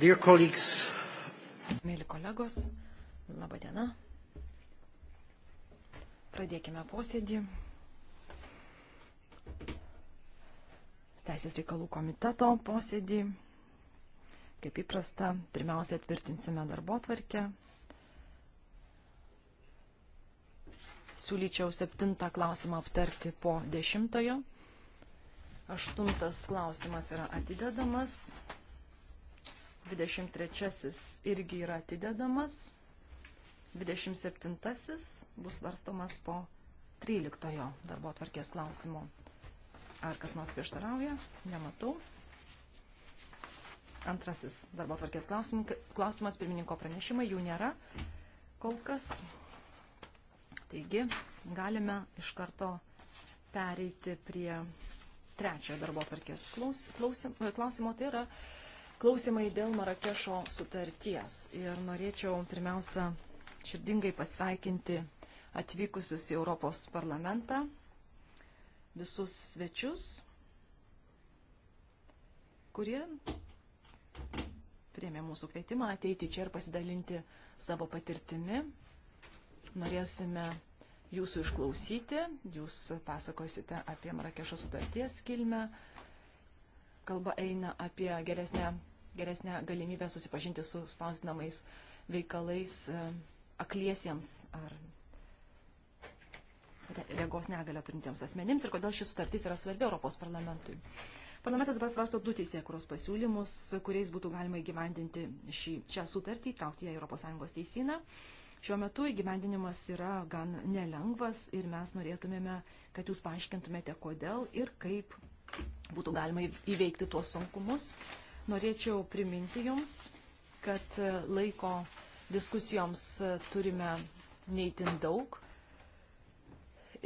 Dear colleagues. Mėly kolegos, laba diena. Pradėkime posėdį. Teisės reikalų komiteto posėdį. Kaip įprasta, pirmiausia tvirtinsime darbo tvarkę. Siūlyčiau septintą klausimą aptarti po dešimtojo. Aštuntas klausimas yra atidedamas. 23 irgi yra atidedamas. 27 bus varstomas po 13 darbo atvarkės klausimo. Ar kas nors prieštarauja? Nematau. Antrasis darbo atvarkės klausimas, pirmininko pranešimai, jų nėra kol kas. Taigi, galime iš karto pereiti prie trečiojo darbo atvarkės klausimo, tai yra klausimai dėl Marakešo sutarties. Ir norėčiau pirmiausia širdingai pasveikinti atvykusius į Europos parlamentą, visus svečius, kurie priemė mūsų kvietimą ateiti čia ir pasidalinti savo patirtimi. Norėsime jūsų išklausyti, jūs pasakosite apie Marakešo sutarties kilmę. Kalba eina apie geresnę geresnę galimybę susipažinti su spausdinamais veikalais e, akliesiems ar regos negalę turintiems asmenims ir kodėl ši sutartis yra svarbi Europos parlamentui. Parlamentas dabar svarsto du teisėkuros pasiūlymus, kuriais būtų galima įgyvendinti šį, šią sutartį, traukti ją į ES teisyną. Šiuo metu įgyvendinimas yra gan nelengvas ir mes norėtumėme, kad jūs paaiškintumėte, kodėl ir kaip būtų galima įveikti tuos sunkumus Norėčiau priminti Jums, kad e, laiko diskusijoms e, turime neįtin daug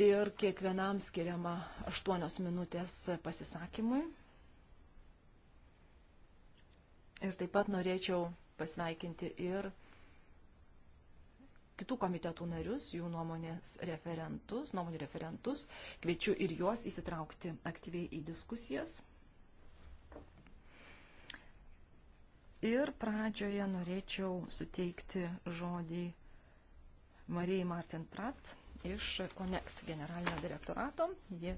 ir kiekvienam skiriama 8 minutės pasisakymui. Ir taip pat norėčiau pasveikinti ir kitų komitetų narius, jų nuomonės referentus, nuomonių referentus. Kviečiu ir juos įsitraukti aktyviai į diskusijas. Ir pradžioje norėčiau suteikti žodį Marijai Martin Prat iš Connect generalinio direktorato. Ji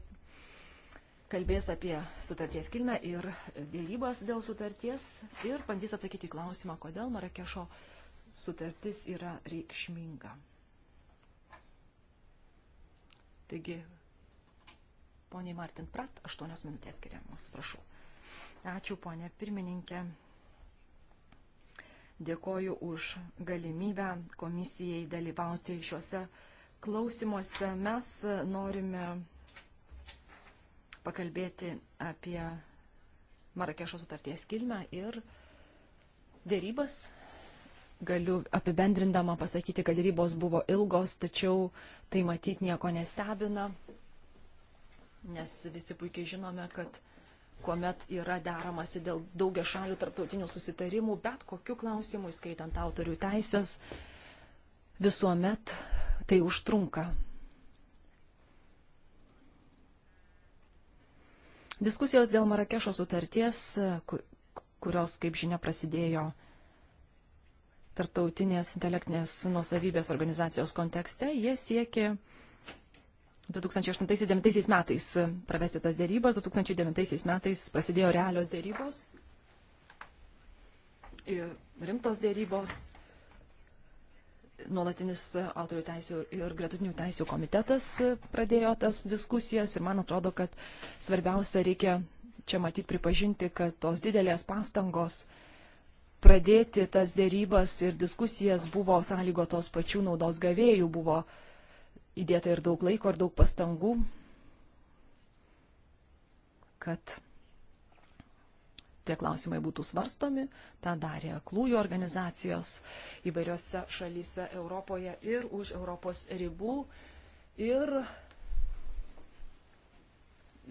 kalbės apie sutarties kilmę ir dėlybas dėl sutarties ir bandys atsakyti klausimą, kodėl Marakešo sutartis yra reikšminga. Taigi, poniai Martin Prat, aštuonios minutės skiriamos, prašau. Ačiū, ponė pirmininkė, Dėkoju už galimybę komisijai dalyvauti šiuose klausimuose. Mes norime pakalbėti apie Marakešo sutarties kilmę ir dėrybas. Galiu apibendrindama pasakyti, kad dėrybos buvo ilgos, tačiau tai matyti nieko nestebina, nes visi puikiai žinome, kad kuomet yra deramasi dėl daugia šalių tarptautinių susitarimų, bet kokiu klausimu, skaitant autorių teisės, visuomet tai užtrunka. Diskusijos dėl Marakešo sutarties, kurios, kaip žinia, prasidėjo tarptautinės intelektinės nuosavybės organizacijos kontekste, jie siekia 2008-2009 metais pravesti tas dėrybas, 2009 metais prasidėjo realios dėrybos, rimtos dėrybos, nuolatinis autorių teisų ir gretutinių teisų komitetas pradėjo tas diskusijas ir man atrodo, kad svarbiausia reikia čia matyti pripažinti, kad tos didelės pastangos pradėti tas dėrybas ir diskusijas buvo sąlygotos pačių naudos gavėjų, buvo uh, įdėta ir daug laiko, ir daug pastangų, kad tie klausimai būtų svarstomi. Ta darė klųjų organizacijos įvairiose šalyse Europoje ir už Europos ribų. Ir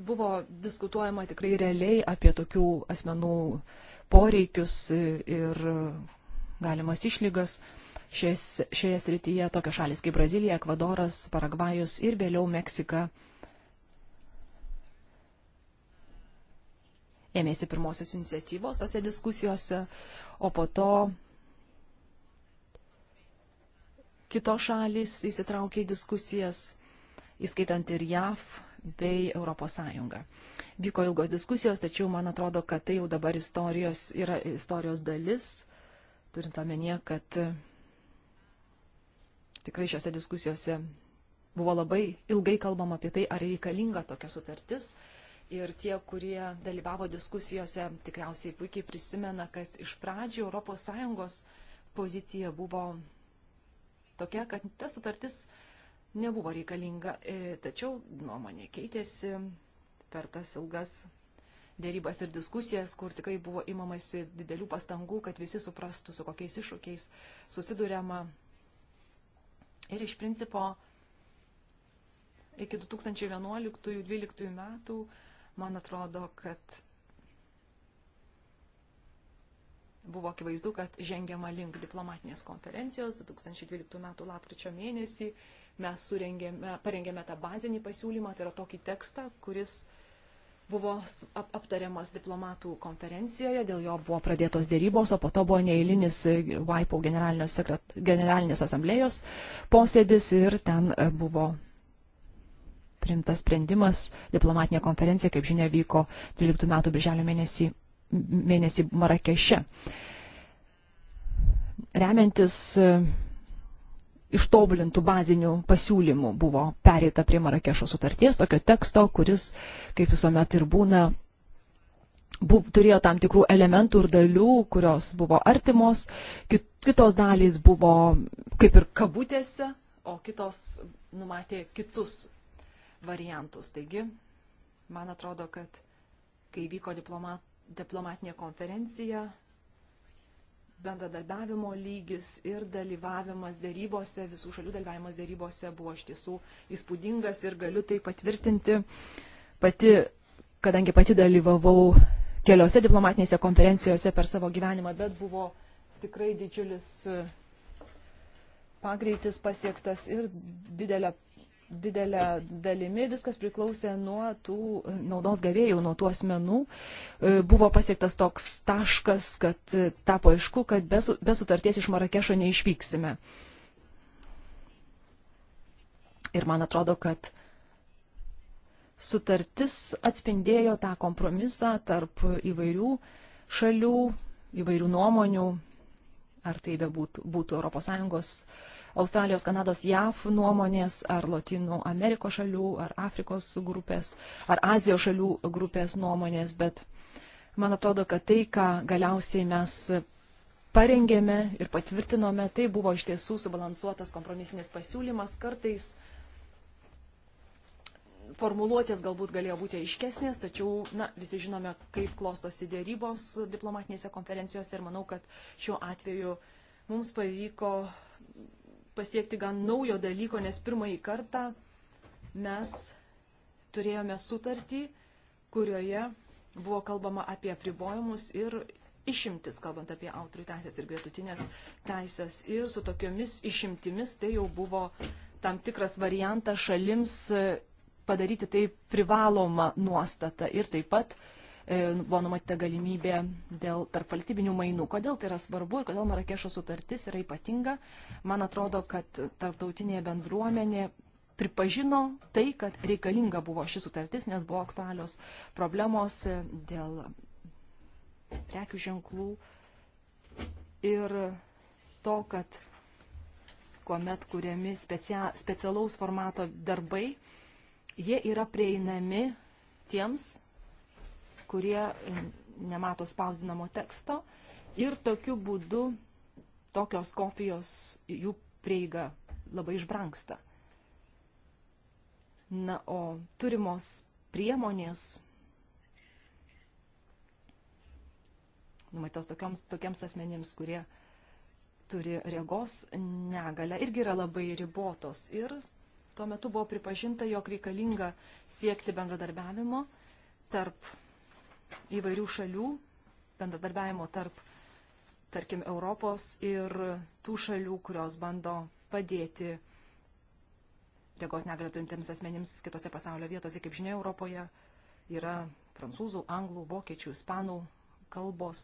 buvo diskutuojama tikrai realiai apie tokių asmenų poreikius ir galimas išlygas šies, šioje srityje tokios šalis kaip Brazilija, Ekvadoras, Paragvajus ir vėliau Meksika ėmėsi pirmosios iniciatyvos tose diskusijose, o po to kitos šalys įsitraukė į diskusijas, įskaitant ir JAV bei Europos Sąjungą. Vyko ilgos diskusijos, tačiau man atrodo, kad tai jau dabar istorijos yra istorijos dalis, turint omenyje, kad tikrai šiose diskusijose buvo labai ilgai kalbama apie tai, ar reikalinga tokia sutartis. Ir tie, kurie dalyvavo diskusijose, tikriausiai puikiai prisimena, kad iš pradžių ES pozicija buvo tokia, kad ta sutartis nebuvo reikalinga. E, tačiau nuomonė keitėsi per tas ilgas dėrybas ir diskusijas, kur tikrai buvo imamasi didelių pastangų, kad visi suprastų, su kokiais iššūkiais susidurėma Ir iš principo iki 2011-2012 metų, man atrodo, kad buvo akivaizdu, kad žengiama link diplomatinės konferencijos 2012 metų lapkričio mėnesį. Mes parengėme tą bazinį pasiūlymą, tai yra tokį tekstą, kuris buvo aptariamas diplomatų konferencijoje, dėl jo buvo pradėtos dėrybos, o po to buvo neįlinis e, WIPO sekret... generalinės asamblėjos posėdis ir ten e, buvo primtas sprendimas. Diplomatinė konferencija, kaip žinia, vyko 13 metų birželio mėnesį, mėnesį Marakeše. Remiantis e, ištobulintų bazinių pasiūlymų buvo pereita prie Marakešo sutarties, tokio teksto, kuris, kaip visuomet ir būna, buv, turėjo tam tikrų elementų ir dalių, kurios buvo artimos, kit, kitos dalys buvo kaip ir kabutėse, o kitos numatė kitus variantus. Taigi, man atrodo, kad kai vyko diplomat, diplomatinė konferencija, bendradarbiavimo lygis ir dalyvavimas dėrybose, visų šalių dalyvavimas dėrybose buvo iš tiesų įspūdingas ir galiu tai patvirtinti. Pati, kadangi pati dalyvavau keliose diplomatinėse konferencijose per savo gyvenimą, bet buvo tikrai didžiulis pagreitis pasiektas ir didelė didelė dalimi viskas priklausė nuo tų e, naudos gavėjų, nuo tų asmenų. E, buvo pasiektas toks taškas, kad e, tapo aišku, kad be, be sutarties iš Marakešo neišvyksime. Ir man atrodo, kad sutartis atspindėjo tą kompromisą tarp įvairių šalių, įvairių nuomonių, ar tai bebūtų būtų ES Australijos, Kanados, JAF nuomonės, ar Latino Amerikos šalių, ar Afrikos grupės, ar Azijos šalių grupės nuomonės, bet man atrodo, kad tai, ką galiausiai mes parengėme ir patvirtinome, tai buvo iš tiesų subalansuotas kompromisinis pasiūlymas kartais formuluotės galbūt galėjo būti aiškesnės, tačiau na, visi žinome, kaip klostosi dėrybos diplomatinėse konferencijose ir manau, kad šiuo atveju mums pavyko pasiekti gan naujo dalyko, nes pirmąjį kartą mes turėjome sutartį, kurioje buvo kalbama apie apribojimus ir išimtis, kalbant apie autorių teisės ir gretutinės teisės. Ir su tokiomis išimtimis tai jau buvo tam tikras variantas šalims padaryti tai privalomą nuostatą ir taip pat uh, E, buvo numatyta galimybė dėl tarpvalstybinių mainų. Kodėl tai yra svarbu ir kodėl Marakešo sutartis yra ypatinga? Man atrodo, kad tarptautinė bendruomenė pripažino tai, kad reikalinga buvo ši sutartis, nes buvo aktualios problemos dėl prekių ženklų ir to, kad kuomet kuriami specia, specialaus formato darbai, jie yra prieinami tiems kurie e, nemato spausdinamo teksto ir tokiu būdu tokios kopijos jų prieiga labai išbranksta. Na, o turimos priemonės numatytos tokioms, tokiems asmenims, kurie turi regos negalę, irgi yra labai ribotos. Ir tuo metu buvo pripažinta, jog reikalinga siekti bendradarbiavimo tarp įvairių šalių, bendradarbiavimo tarp, tarkim, Europos ir tų šalių, kurios bando padėti regos negalę turintiems asmenims kitose pasaulio vietose, kaip žinia, Europoje yra prancūzų, anglų, vokiečių, ispanų kalbos,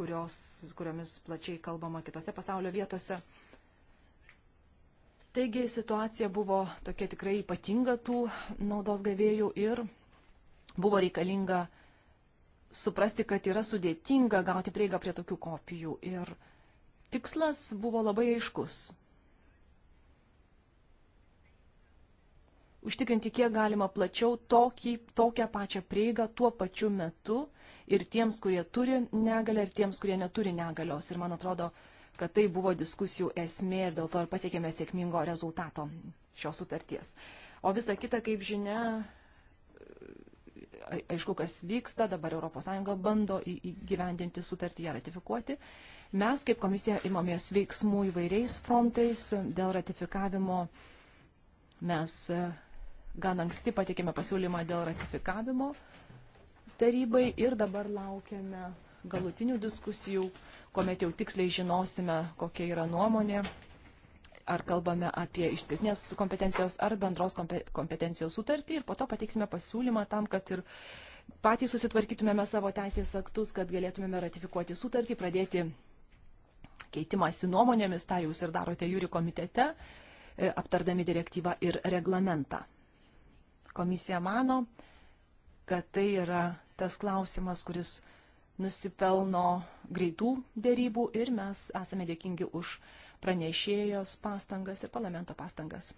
kurios, kuriomis plačiai kalbama kitose pasaulio vietose. Taigi situacija buvo tokia tikrai ypatinga tų naudos gavėjų ir buvo reikalinga suprasti, kad yra sudėtinga gauti prieigą prie tokių kopijų. Ir tikslas buvo labai aiškus. Užtikrinti, kiek galima plačiau tokį, tokią pačią prieigą tuo pačiu metu ir tiems, kurie turi negalę, ir tiems, kurie neturi negalios. Ir man atrodo, kad tai buvo diskusijų esmė ir dėl to ir pasiekėme sėkmingo rezultato šios sutarties. O visa kita, kaip žinia, aišku, kas vyksta, dabar ES bando įgyvendinti sutartį ją ratifikuoti. Mes kaip komisija imamės veiksmų įvairiais frontais dėl ratifikavimo. Mes e, gan anksti patikėme pasiūlymą dėl ratifikavimo tarybai ir dabar laukiame galutinių diskusijų, kuomet jau tiksliai žinosime, kokia yra nuomonė ar kalbame apie išskirtinės kompetencijos ar bendros kompetencijos sutartį ir po to pateiksime pasiūlymą tam, kad ir patys susitvarkytumėme savo teisės aktus, kad galėtumėme ratifikuoti sutartį, pradėti keitimąsi nuomonėmis, tą jūs ir darote jūri komitete, e, aptardami direktyvą ir reglamentą. Komisija mano, kad tai yra tas klausimas, kuris nusipelno greitų dėrybų ir mes esame dėkingi už pranešėjos pastangas ir parlamento pastangas.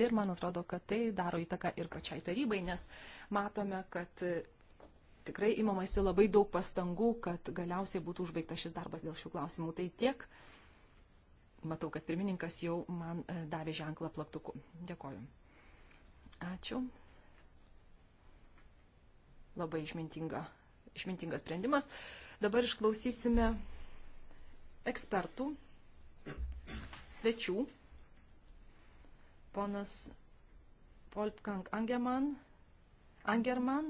Ir man atrodo, kad tai daro įtaką ir pačiai tarybai, nes matome, kad tikrai imamasi labai daug pastangų, kad galiausiai būtų užbaigtas šis darbas dėl šių klausimų. Tai tiek. Matau, kad pirmininkas jau man e, davė ženklą plaktuku. Dėkoju. Ačiū. Labai išmintinga, išmintingas sprendimas. Dabar išklausysime ekspertų, svečių. Ponas Polpkank Angerman, Angerman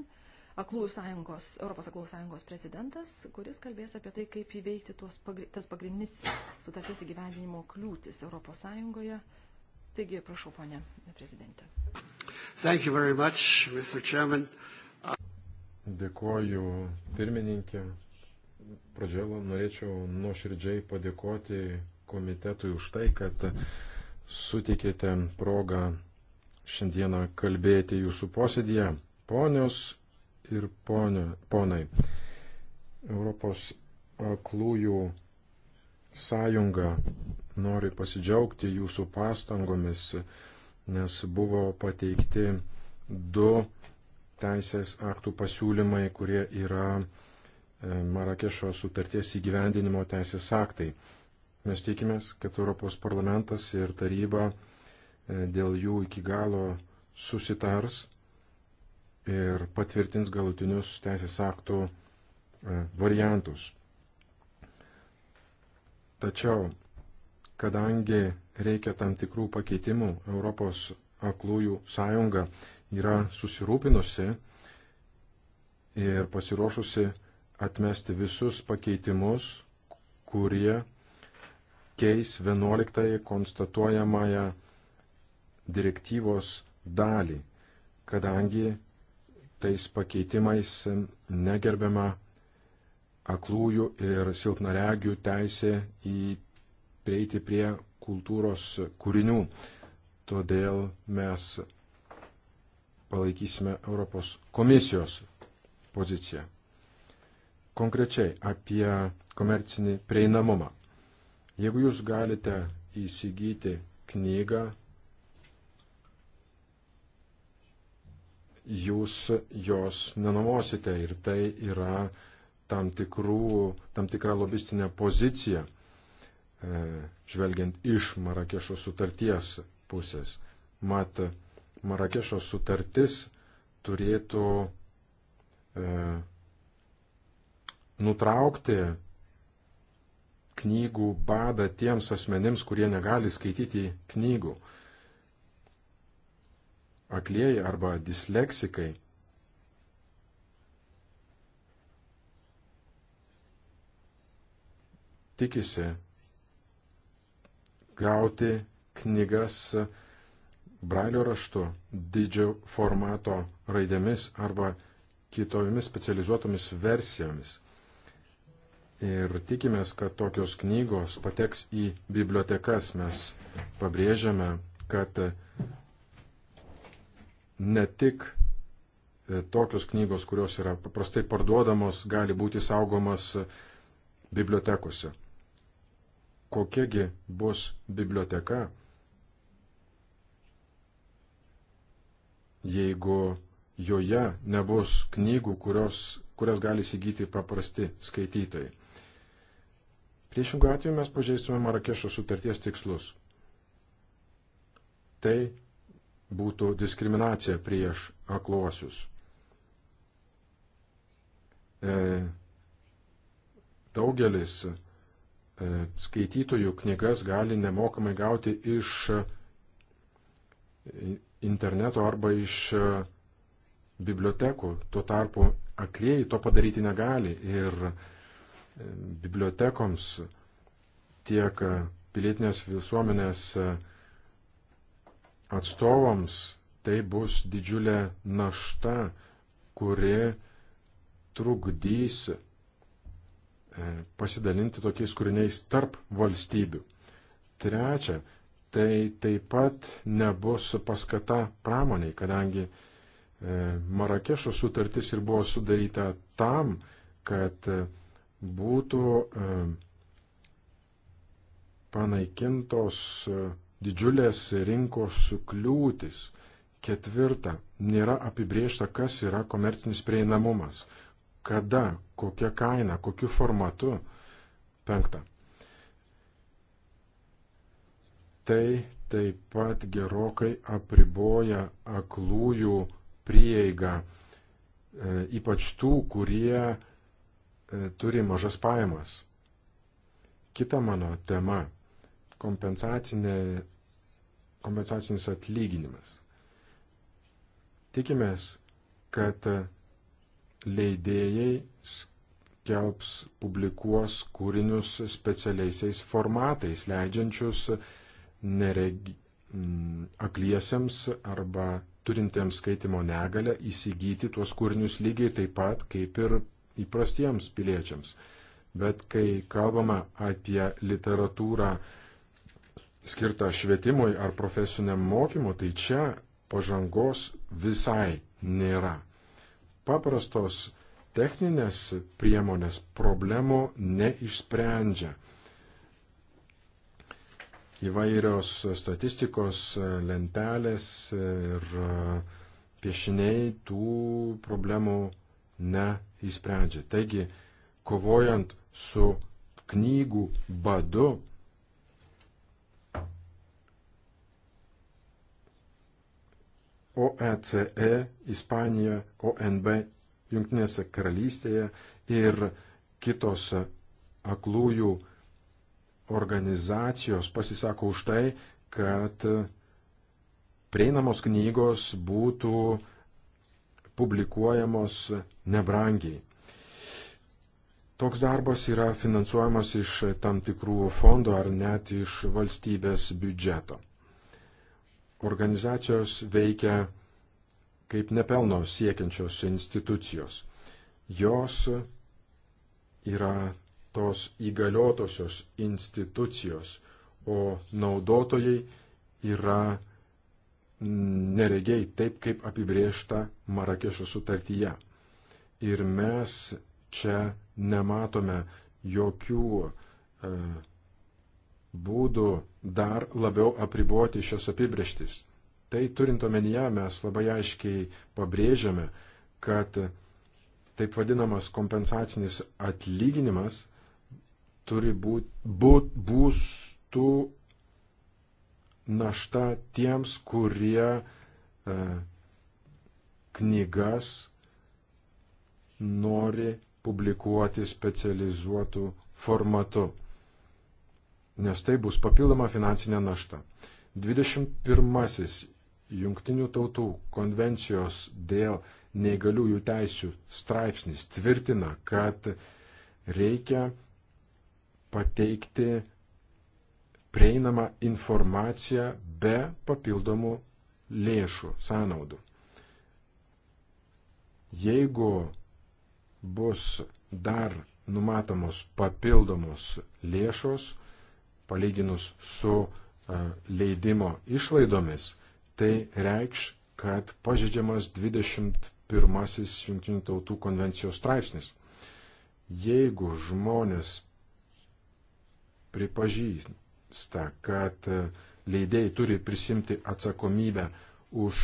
Aklųjų sąjungos, Europos Aklųjų sąjungos prezidentas, kuris kalbės apie tai, kaip įveikti tuos pagri, tas pagrindinis sutarties įgyvendinimo kliūtis Europos Sąjungoje. Taigi, prašau, ponė prezidentė. Thank you very much, Mr. Chairman. Dėkuoju pirmininkė, pradžioje norėčiau nuoširdžiai padėkoti komitetui už tai, kad sutikėte progą šiandieną kalbėti jūsų posėdėje. Ponios ir ponio, ponai, Europos aklųjų sąjunga nori pasidžiaugti jūsų pastangomis, nes buvo pateikti du teisės aktų pasiūlymai, kurie yra E, Marakešo sutarties įgyvendinimo teisės aktai. Mes tikimės, kad Europos parlamentas ir taryba e, dėl jų iki galo susitars ir patvirtins galutinius teisės aktų e, variantus. Tačiau, kadangi reikia tam tikrų pakeitimų, Europos aklųjų sąjunga yra susirūpinusi ir pasiruošusi atmesti visus pakeitimus, kurie keis 11 konstatuojamąją direktyvos dalį, kadangi tais pakeitimais negerbiama aklųjų ir silpnaregių teisė į prieiti prie kultūros kūrinių. Todėl mes palaikysime Europos komisijos poziciją konkrečiai apie komercinį prieinamumą. Jeigu jūs galite įsigyti knygą, jūs jos nenumosite ir tai yra tam, tikrų, tam tikra lobistinė pozicija, e, žvelgiant iš Marakešo sutarties pusės. Mat, Marakešo sutartis turėtų e, nutraukti knygų badą tiems asmenims, kurie negali skaityti knygų. Aklėjai arba disleksikai. Tikisi gauti knygas brailio raštu, didžio formato raidėmis arba kitomis specializuotomis versijomis ir tikimės, kad tokios knygos pateks į bibliotekas. Mes pabrėžiame, kad ne tik e, tokios knygos, kurios yra paprastai parduodamos, gali būti saugomas e, bibliotekose. Kokiagi bus biblioteka, jeigu joje nebus knygų, kurios, kurias gali įsigyti paprasti skaitytojai. Priešingų atveju mes pažeistume Marakešo sutarties tikslus. Tai būtų diskriminacija prieš akluosius. E, daugelis e, skaitytojų knygas gali nemokamai gauti iš e, interneto arba iš e, bibliotekų. Tuo tarpu aklėjai to padaryti negali ir bibliotekoms, tiek pilietinės visuomenės atstovams tai bus didžiulė našta, kuri trukdys e, pasidalinti tokiais kūriniais tarp valstybių. Trečia, tai taip pat nebus paskata pramoniai, kadangi e, Marakešo sutartis ir buvo sudaryta tam, kad e, būtų e, panaikintos e, didžiulės rinkos kliūtis. Ketvirta, nėra apibriešta, kas yra komercinis prieinamumas, kada, kokia kaina, kokiu formatu. Penkta, tai taip pat gerokai apriboja aklųjų prieigą, e, ypač tų, kurie E, turi mažas pajamas. Kita mano tema - kompensacinis atlyginimas. Tikimės, kad leidėjai skelbs, publikuos kūrinius specialiaisiais formatais, leidžiančius neregi, mm, akliesiems arba turintiems skaitimo negalę įsigyti tuos kūrinius lygiai taip pat kaip ir įprastiems piliečiams. Bet kai kalbama apie literatūrą skirtą švietimui ar profesiniam mokymui, tai čia pažangos visai nėra. Paprastos techninės priemonės problemų neišsprendžia. Įvairios statistikos lentelės ir piešiniai tų problemų neįsprendžia. Taigi, kovojant su knygų badu, OECE, e, Ispanija, ONB, Junktinėse karalystėje ir kitos aklųjų organizacijos pasisako už tai, kad prieinamos knygos būtų publikuojamos nebrangiai. Toks darbas yra finansuojamas iš tam tikrų fondų ar net iš valstybės biudžeto. Organizacijos veikia kaip nepelno siekiančios institucijos. Jos yra tos įgaliotosios institucijos, o naudotojai yra neregiai taip, kaip apibriešta Marakešo sutartyje. Ir mes čia nematome jokių e, būdų dar labiau apriboti šias apibrieštis. Tai turint omenyje mes labai aiškiai pabrėžiame, kad taip vadinamas kompensacinis atlyginimas turi būti būt, būstų našta tiems, kurie e, knygas nori publikuoti specializuotų formatu, nes tai bus papildoma finansinė našta. 21. Junktinių tautų konvencijos dėl neįgaliųjų teisių straipsnis tvirtina, kad reikia pateikti prieinamą informaciją be papildomų lėšų sąnaudų. Jeigu bus dar numatomos papildomos lėšos, palyginus su leidimo išlaidomis, tai reikš, kad pažydžiamas 21 Junktinių tautų konvencijos straipsnis. Jeigu žmonės pripažįsta, sta, kad leidėjai turi prisimti atsakomybę už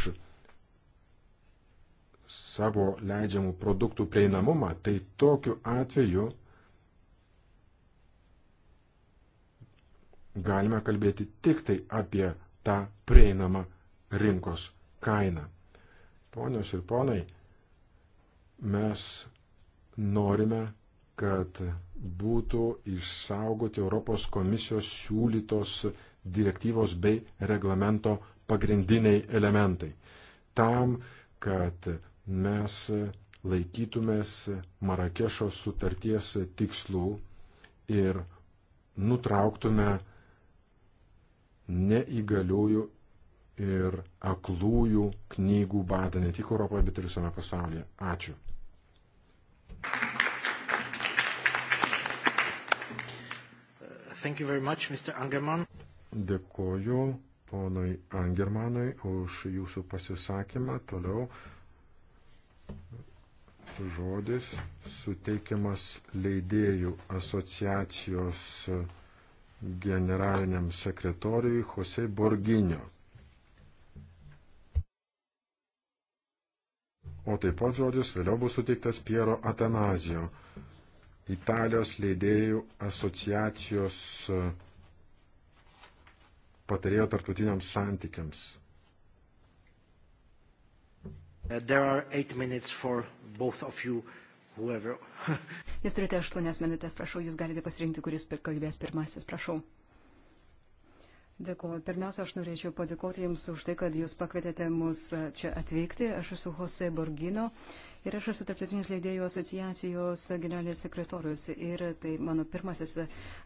savo leidžiamų produktų prieinamumą, tai tokiu atveju galime kalbėti tik tai apie tą prieinamą rinkos kainą. Ponios ir ponai, mes norime kad būtų išsaugoti Europos komisijos siūlytos direktyvos bei reglamento pagrindiniai elementai. Tam, kad mes laikytumės Marakešo sutarties tikslų ir nutrauktume neįgaliųjų ir aklųjų knygų badą ne tik Europoje, bet ir visame pasaulyje. Ačiū. Thank you very much, Mr. Angerman. Dėkoju ponui Angermanui už jūsų pasisakymą. Toliau žodis suteikiamas leidėjų asociacijos generaliniam sekretoriui Jose Borginio. O taip pat žodis vėliau bus suteiktas Piero Atenazijo, Italijos leidėjų asociacijos e, patarėjo tartutiniams santykiams. Uh, you, jūs turite aštuonias minutės, prašau, jūs galite pasirinkti, kuris kalbės pirmasis, prašau. Dėkuoju. Pirmiausia, aš norėčiau padėkoti Jums už tai, kad Jūs pakvietėte mus e, čia atvykti. Aš esu Jose Borgino Ir aš esu Tarptautinės leidėjų asociacijos generalinis sekretorius ir tai mano pirmasis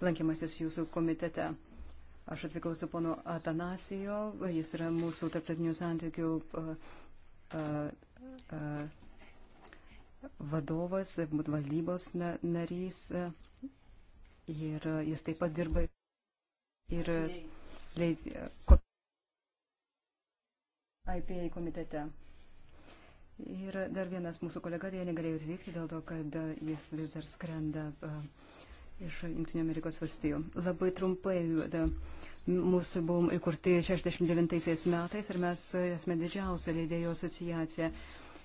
lankymasis jūsų komitete. Aš atvykau su ponu Atanasijo, jis yra mūsų tarptautinių santykių uh, uh, uh, vadovas, valdybos na, narys ir jis taip pat dirba ir leid, IPA komitete. Ir dar vienas mūsų kolega dėja negalėjo atvykti dėl to, kad jis vis dar skrenda iš Junktinio Amerikos valstijų. Labai trumpai, da, mūsų buvom įkurti 69 metais ir mes esame didžiausia leidėjo asociacija.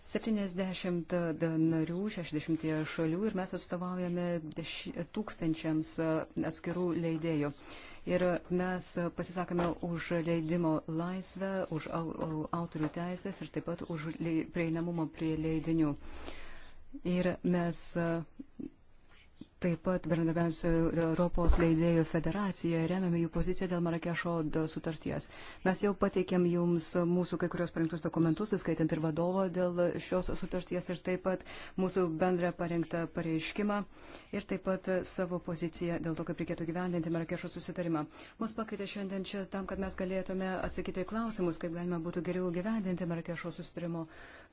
70 narių, 60 šalių ir mes atstovaujame tūkstančiams atskirų leidėjų. Ir mes pasisakome už leidimo laisvę, už autorių teisės ir taip pat už prieinamumą prie leidinių. Ir mes Taip pat bendradarbiavame su Europos leidėjų federacija, remiame jų poziciją dėl Marakešo sutarties. Mes jau pateikėm jums mūsų kai kurios parengtus dokumentus, įskaitant ir vadovo dėl šios sutarties ir taip pat mūsų bendrą parengtą pareiškimą ir taip pat savo poziciją dėl to, kaip reikėtų gyvendinti Marakešo susitarimą. Mus pakvietė šiandien čia tam, kad mes galėtume atsakyti į klausimus, kaip galima būtų geriau gyvendinti Marakešo susitarimo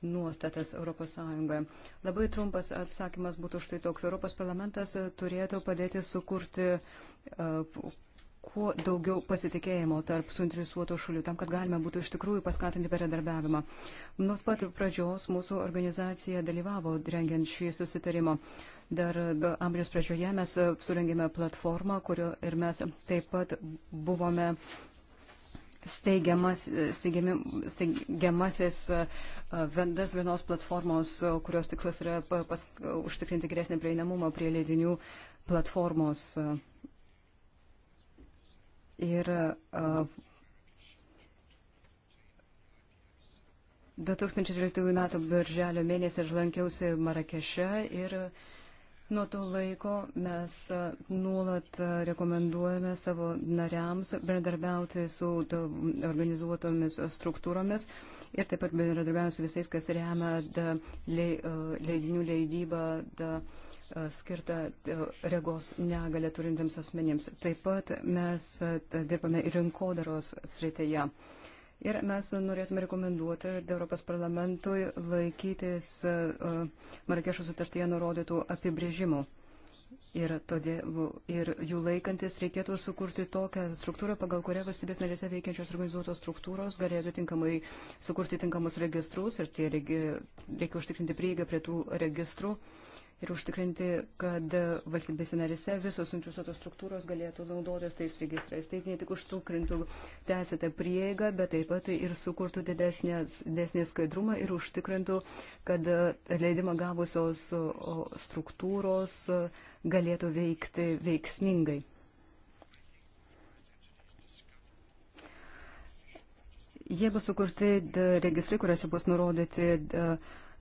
nuostatas ES. Labai trumpas atsakymas būtų štai toks. Europos parlamentas turėtų padėti sukurti uh, kuo daugiau pasitikėjimo tarp suinteresuotų šalių, tam, kad galime būtų iš tikrųjų paskatinti bendradarbiavimą. Nuo pat pradžios mūsų organizacija dalyvavo rengiant šį susitarimą. Dar amžiaus pradžioje mes surengėme platformą, kurio ir mes taip pat buvome steigiamas, steigiami, steigiamasis e, vendas vienos platformos, kurios tikslas yra pas, užtikrinti geresnį prieinamumą prie leidinių platformos. Ir uh, 2013 m. birželio mėnesį aš lankiausi Marakeše ir uh, Nuo to laiko mes e, nuolat e, rekomenduojame savo nariams bendradarbiauti su organizuotomis struktūromis ir taip pat bendradarbiaujame su visais, kas remia e, leidinių leidybą. Da, skirtą regos negalę turintiems asmenims. Taip pat mes dirbame ir rinkodaros srityje. Ir mes norėtume rekomenduoti Europos parlamentui laikytis e, Marakešo sutartyje nurodytų apibrėžimų. Ir, todėl, ir jų laikantis reikėtų sukurti tokią struktūrą, pagal kurią valstybės narėse veikiančios organizuotos struktūros galėtų tinkamai sukurti tinkamus registrus ir tie reikia, reikia užtikrinti prieigą prie tų registrų. Uh, ir užtikrinti, kad valstybės narise visos sunčiusotos struktūros galėtų naudotis tais registrais. Tai ne tik užtikrintų teisėtą prieigą, bet taip pat ir sukurtų didesnį skaidrumą ir užtikrintų, kad leidimą gavusios struktūros galėtų veikti veiksmingai. Jie bus sukurti registrai, kuriuose bus nurodyti. De,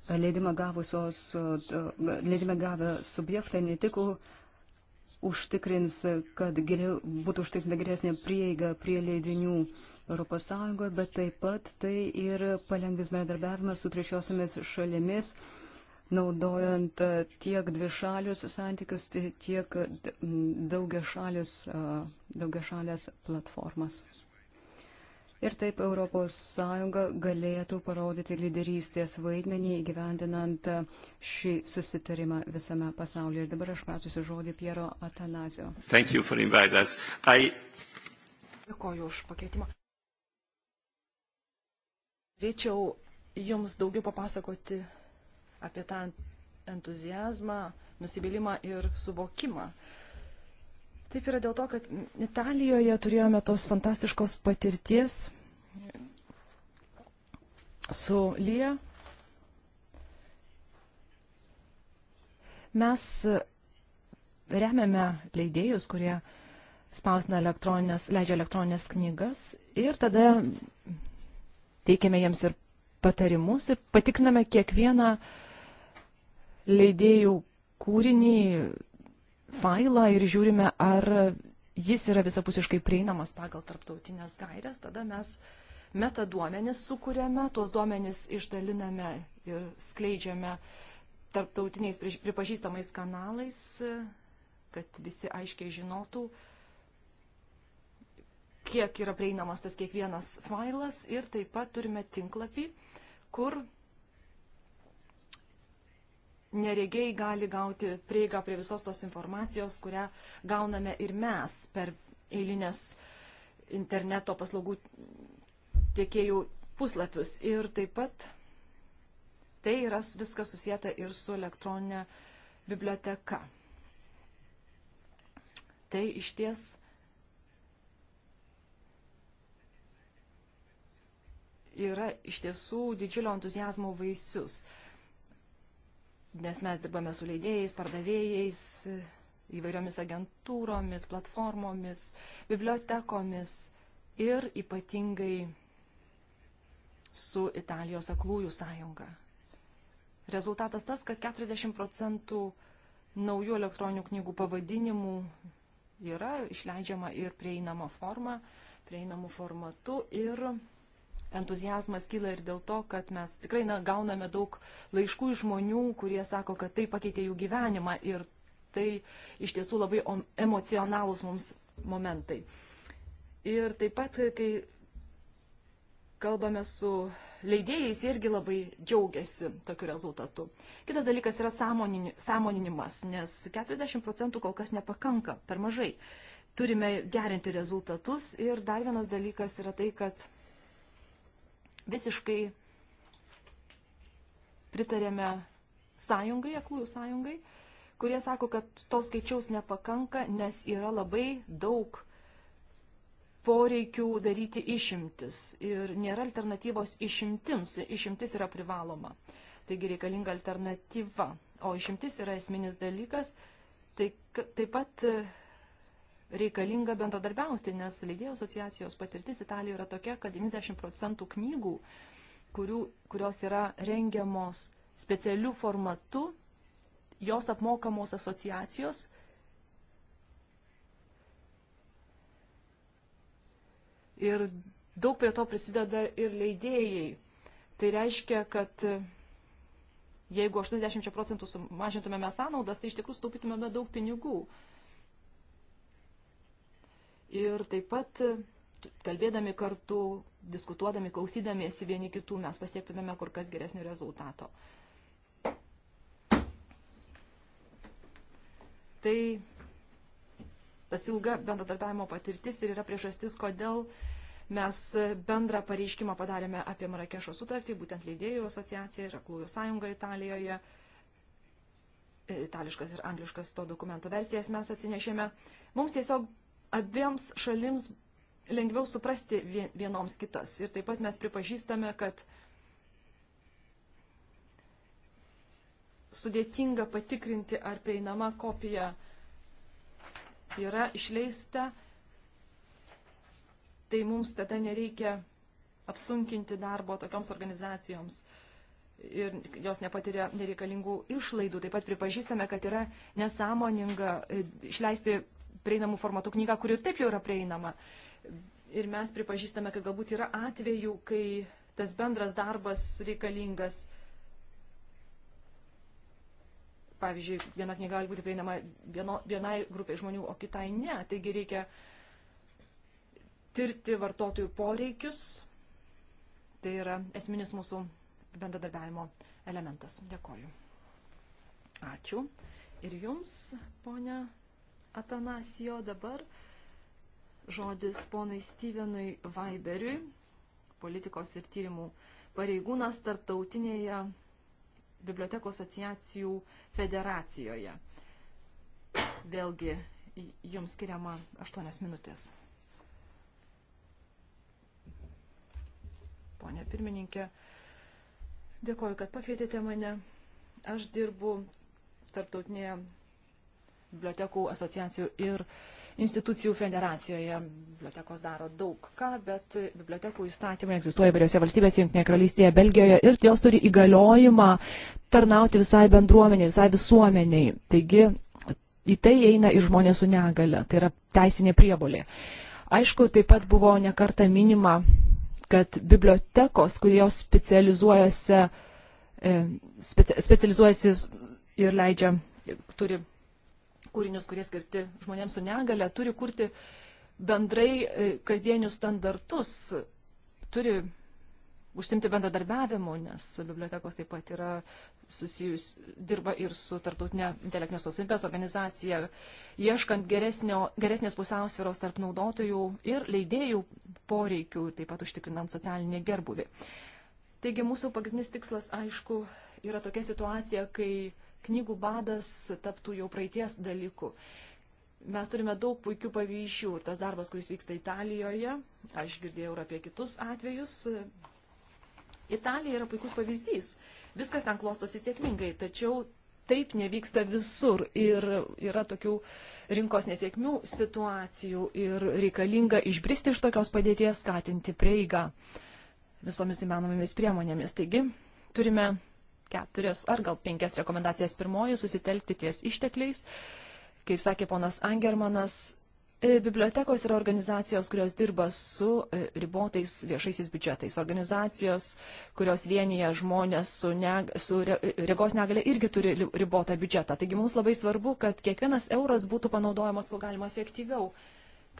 leidimą, gavusios, leidimą gavę subjektai ne tik užtikrins, kad geriau, būtų užtikrinta geresnė prieiga prie leidinių ES, bet taip pat tai ir palengvis bendradarbiavimą su trečiosiomis šalimis, naudojant e, tiek dvišalius santykius, tiek daugia, šalius, e, daugia šalės platformas ir taip ES galėtų parodyti lyderystės vaidmenį įgyvendinant šį susitarimą visame pasaulyje. Ir dabar aš perduosiu žodį Piero Atanasio. I... Dėkoju už pakeitimą. Norėčiau Jums daugiau papasakoti apie tą entuzijazmą, nusivylimą ir suvokimą, uh, Taip yra dėl to, kad Italijoje turėjome tos fantastiškos patirties su Lija. Mes remiame leidėjus, kurie spausina elektroninės, leidžia elektroninės knygas ir tada teikiame jiems ir patarimus ir patikriname kiekvieną leidėjų kūrinį failą ir žiūrime, ar jis yra visapusiškai prieinamas pagal tarptautinės gairias, tada mes metaduomenis sukūrėme, tuos duomenis išdaliname ir skleidžiame tarptautiniais pripažįstamais kanalais, kad visi aiškiai žinotų, kiek yra prieinamas tas kiekvienas failas ir taip pat turime tinklapį, kur neregiai gali gauti prieigą prie visos tos informacijos, kurią gauname ir mes per eilinės interneto paslaugų tiekėjų puslapius. Ir taip pat tai yra viskas susijęta ir su elektroninė biblioteka. Tai iš ties yra iš tiesų didžiulio entuzijazmo vaisius nes mes dirbame su leidėjais, pardavėjais, įvairiomis agentūromis, platformomis, bibliotekomis ir ypatingai su Italijos aklųjų sąjunga. Rezultatas tas, kad 40 procentų naujų elektroninių knygų pavadinimų yra išleidžiama ir prieinama forma, prieinamų formatu ir entuzijazmas kyla ir dėl to, kad mes tikrai na, gauname daug laiškų iš žmonių, kurie sako, kad tai pakeitė jų gyvenimą ir tai iš tiesų labai emocionalūs mums momentai. Ir taip pat, kai kalbame su leidėjais, jie irgi labai džiaugiasi tokiu rezultatu. Kitas dalykas yra sąmoninimas, nes 40 procentų kol kas nepakanka, per mažai. Turime gerinti rezultatus ir dar vienas dalykas yra tai, kad visiškai pritarėme sąjungai, aklųjų sąjungai, kurie sako, kad to skaičiaus nepakanka, nes yra labai daug poreikių daryti išimtis ir nėra alternatyvos išimtims, išimtis yra privaloma. Taigi reikalinga alternatyva, o išimtis yra esminis dalykas. Tai taip pat reikalinga bendradarbiauti, nes leidėjų asociacijos patirtis Italijoje yra tokia, kad 90 procentų knygų, kurių, kurios yra rengiamos specialių formatų, jos apmokamos asociacijos. Ir daug prie to prisideda ir leidėjai. Tai reiškia, kad e, jeigu 80 procentų sumažintumėme sąnaudas, tai iš tikrųjų staupytumėme daug pinigų. Uh, ir taip pat e, kalbėdami kartu, diskutuodami, klausydamiesi vieni kitų, mes pasiektumėme kur kas geresnio rezultato. Tai tas ilga bendradarbiavimo patirtis ir yra priežastis, kodėl mes bendrą pareiškimą padarėme apie Marakešo sutartį, būtent leidėjų asociacija ir aklųjų sąjunga Italijoje. E, itališkas ir angliškas to dokumento versijas mes atsinešėme. Mums tiesiog abiems šalims lengviau suprasti vienoms kitas. Ir taip pat mes pripažįstame, kad sudėtinga patikrinti, ar prieinama kopija yra išleista, tai mums tada nereikia apsunkinti darbo tokioms organizacijoms ir jos nepatiria nereikalingų išlaidų. Taip pat pripažįstame, kad yra nesąmoninga e, išleisti prieinamų formatų knygą, kuri ir taip jau yra prieinama. Ir mes pripažįstame, kad galbūt yra atvejų, kai tas bendras darbas reikalingas. Pavyzdžiui, viena knyga gali būti prieinama vieno, vienai grupiai žmonių, o kitai ne. Taigi reikia tirti vartotojų poreikius. Tai yra esminis mūsų bendradarbiavimo elementas. Dėkoju. Ačiū. Ir jums, ponia Atanasijo, dabar žodis ponui Stevenui Vaiberiui, politikos ir tyrimų pareigūnas tarptautinėje bibliotekų asociacijų federacijoje. Vėlgi, jums skiriama 8 minutės. Pone pirmininkė, dėkoju, kad pakvietėte mane. Aš dirbu tarptautinėje bibliotekų asociacijų ir institucijų federacijoje. Bibliotekos daro daug ką, bet bibliotekų įstatymai egzistuoja įvairiose valstybėse, Junktinėje karalystėje, Belgijoje ir jos turi įgaliojimą tarnauti visai bendruomeniai, visai visuomeniai. Taigi į tai eina ir žmonės su negale. Tai yra teisinė priebolė. Aišku, taip pat buvo nekarta minima, kad bibliotekos, kurios specializuojasi, e, specializuojasi ir leidžia, turi kūrinius, kurie skirti žmonėms su negale, turi kurti bendrai e, kasdienius standartus, turi užsimti bendradarbiavimu, nes bibliotekos taip pat yra susijus, dirba ir su tarptautinė intelektinės nusipės organizacija, ieškant geresnio, geresnės pusiausvėros tarp naudotojų ir leidėjų poreikių, taip pat užtikrinant socialinį gerbuvį. Taigi mūsų pagrindinis tikslas, aišku, yra tokia situacija, kai knygų badas taptų jau praeities dalyku. Mes turime daug puikių pavyzdžių ir tas darbas, kuris vyksta Italijoje, aš girdėjau ir apie kitus atvejus. Italija yra puikus pavyzdys. Viskas ten klostosi sėkmingai, tačiau taip nevyksta visur ir yra tokių rinkos nesėkmių situacijų ir reikalinga išbristi iš tokios padėties, skatinti prieigą visomis įmanomomis priemonėmis. Taigi turime keturias ar gal penkias rekomendacijas. Pirmoji - susitelkti ties ištekliais. Kaip sakė ponas Angermanas, e, bibliotekos yra organizacijos, kurios dirba su e, ribotais viešaisiais biudžetais. Organizacijos, kurios vienyje žmonės su, neg su re regos negale irgi turi ribotą biudžetą. Taigi mums labai svarbu, kad kiekvienas euras būtų panaudojamas kuo galima efektyviau,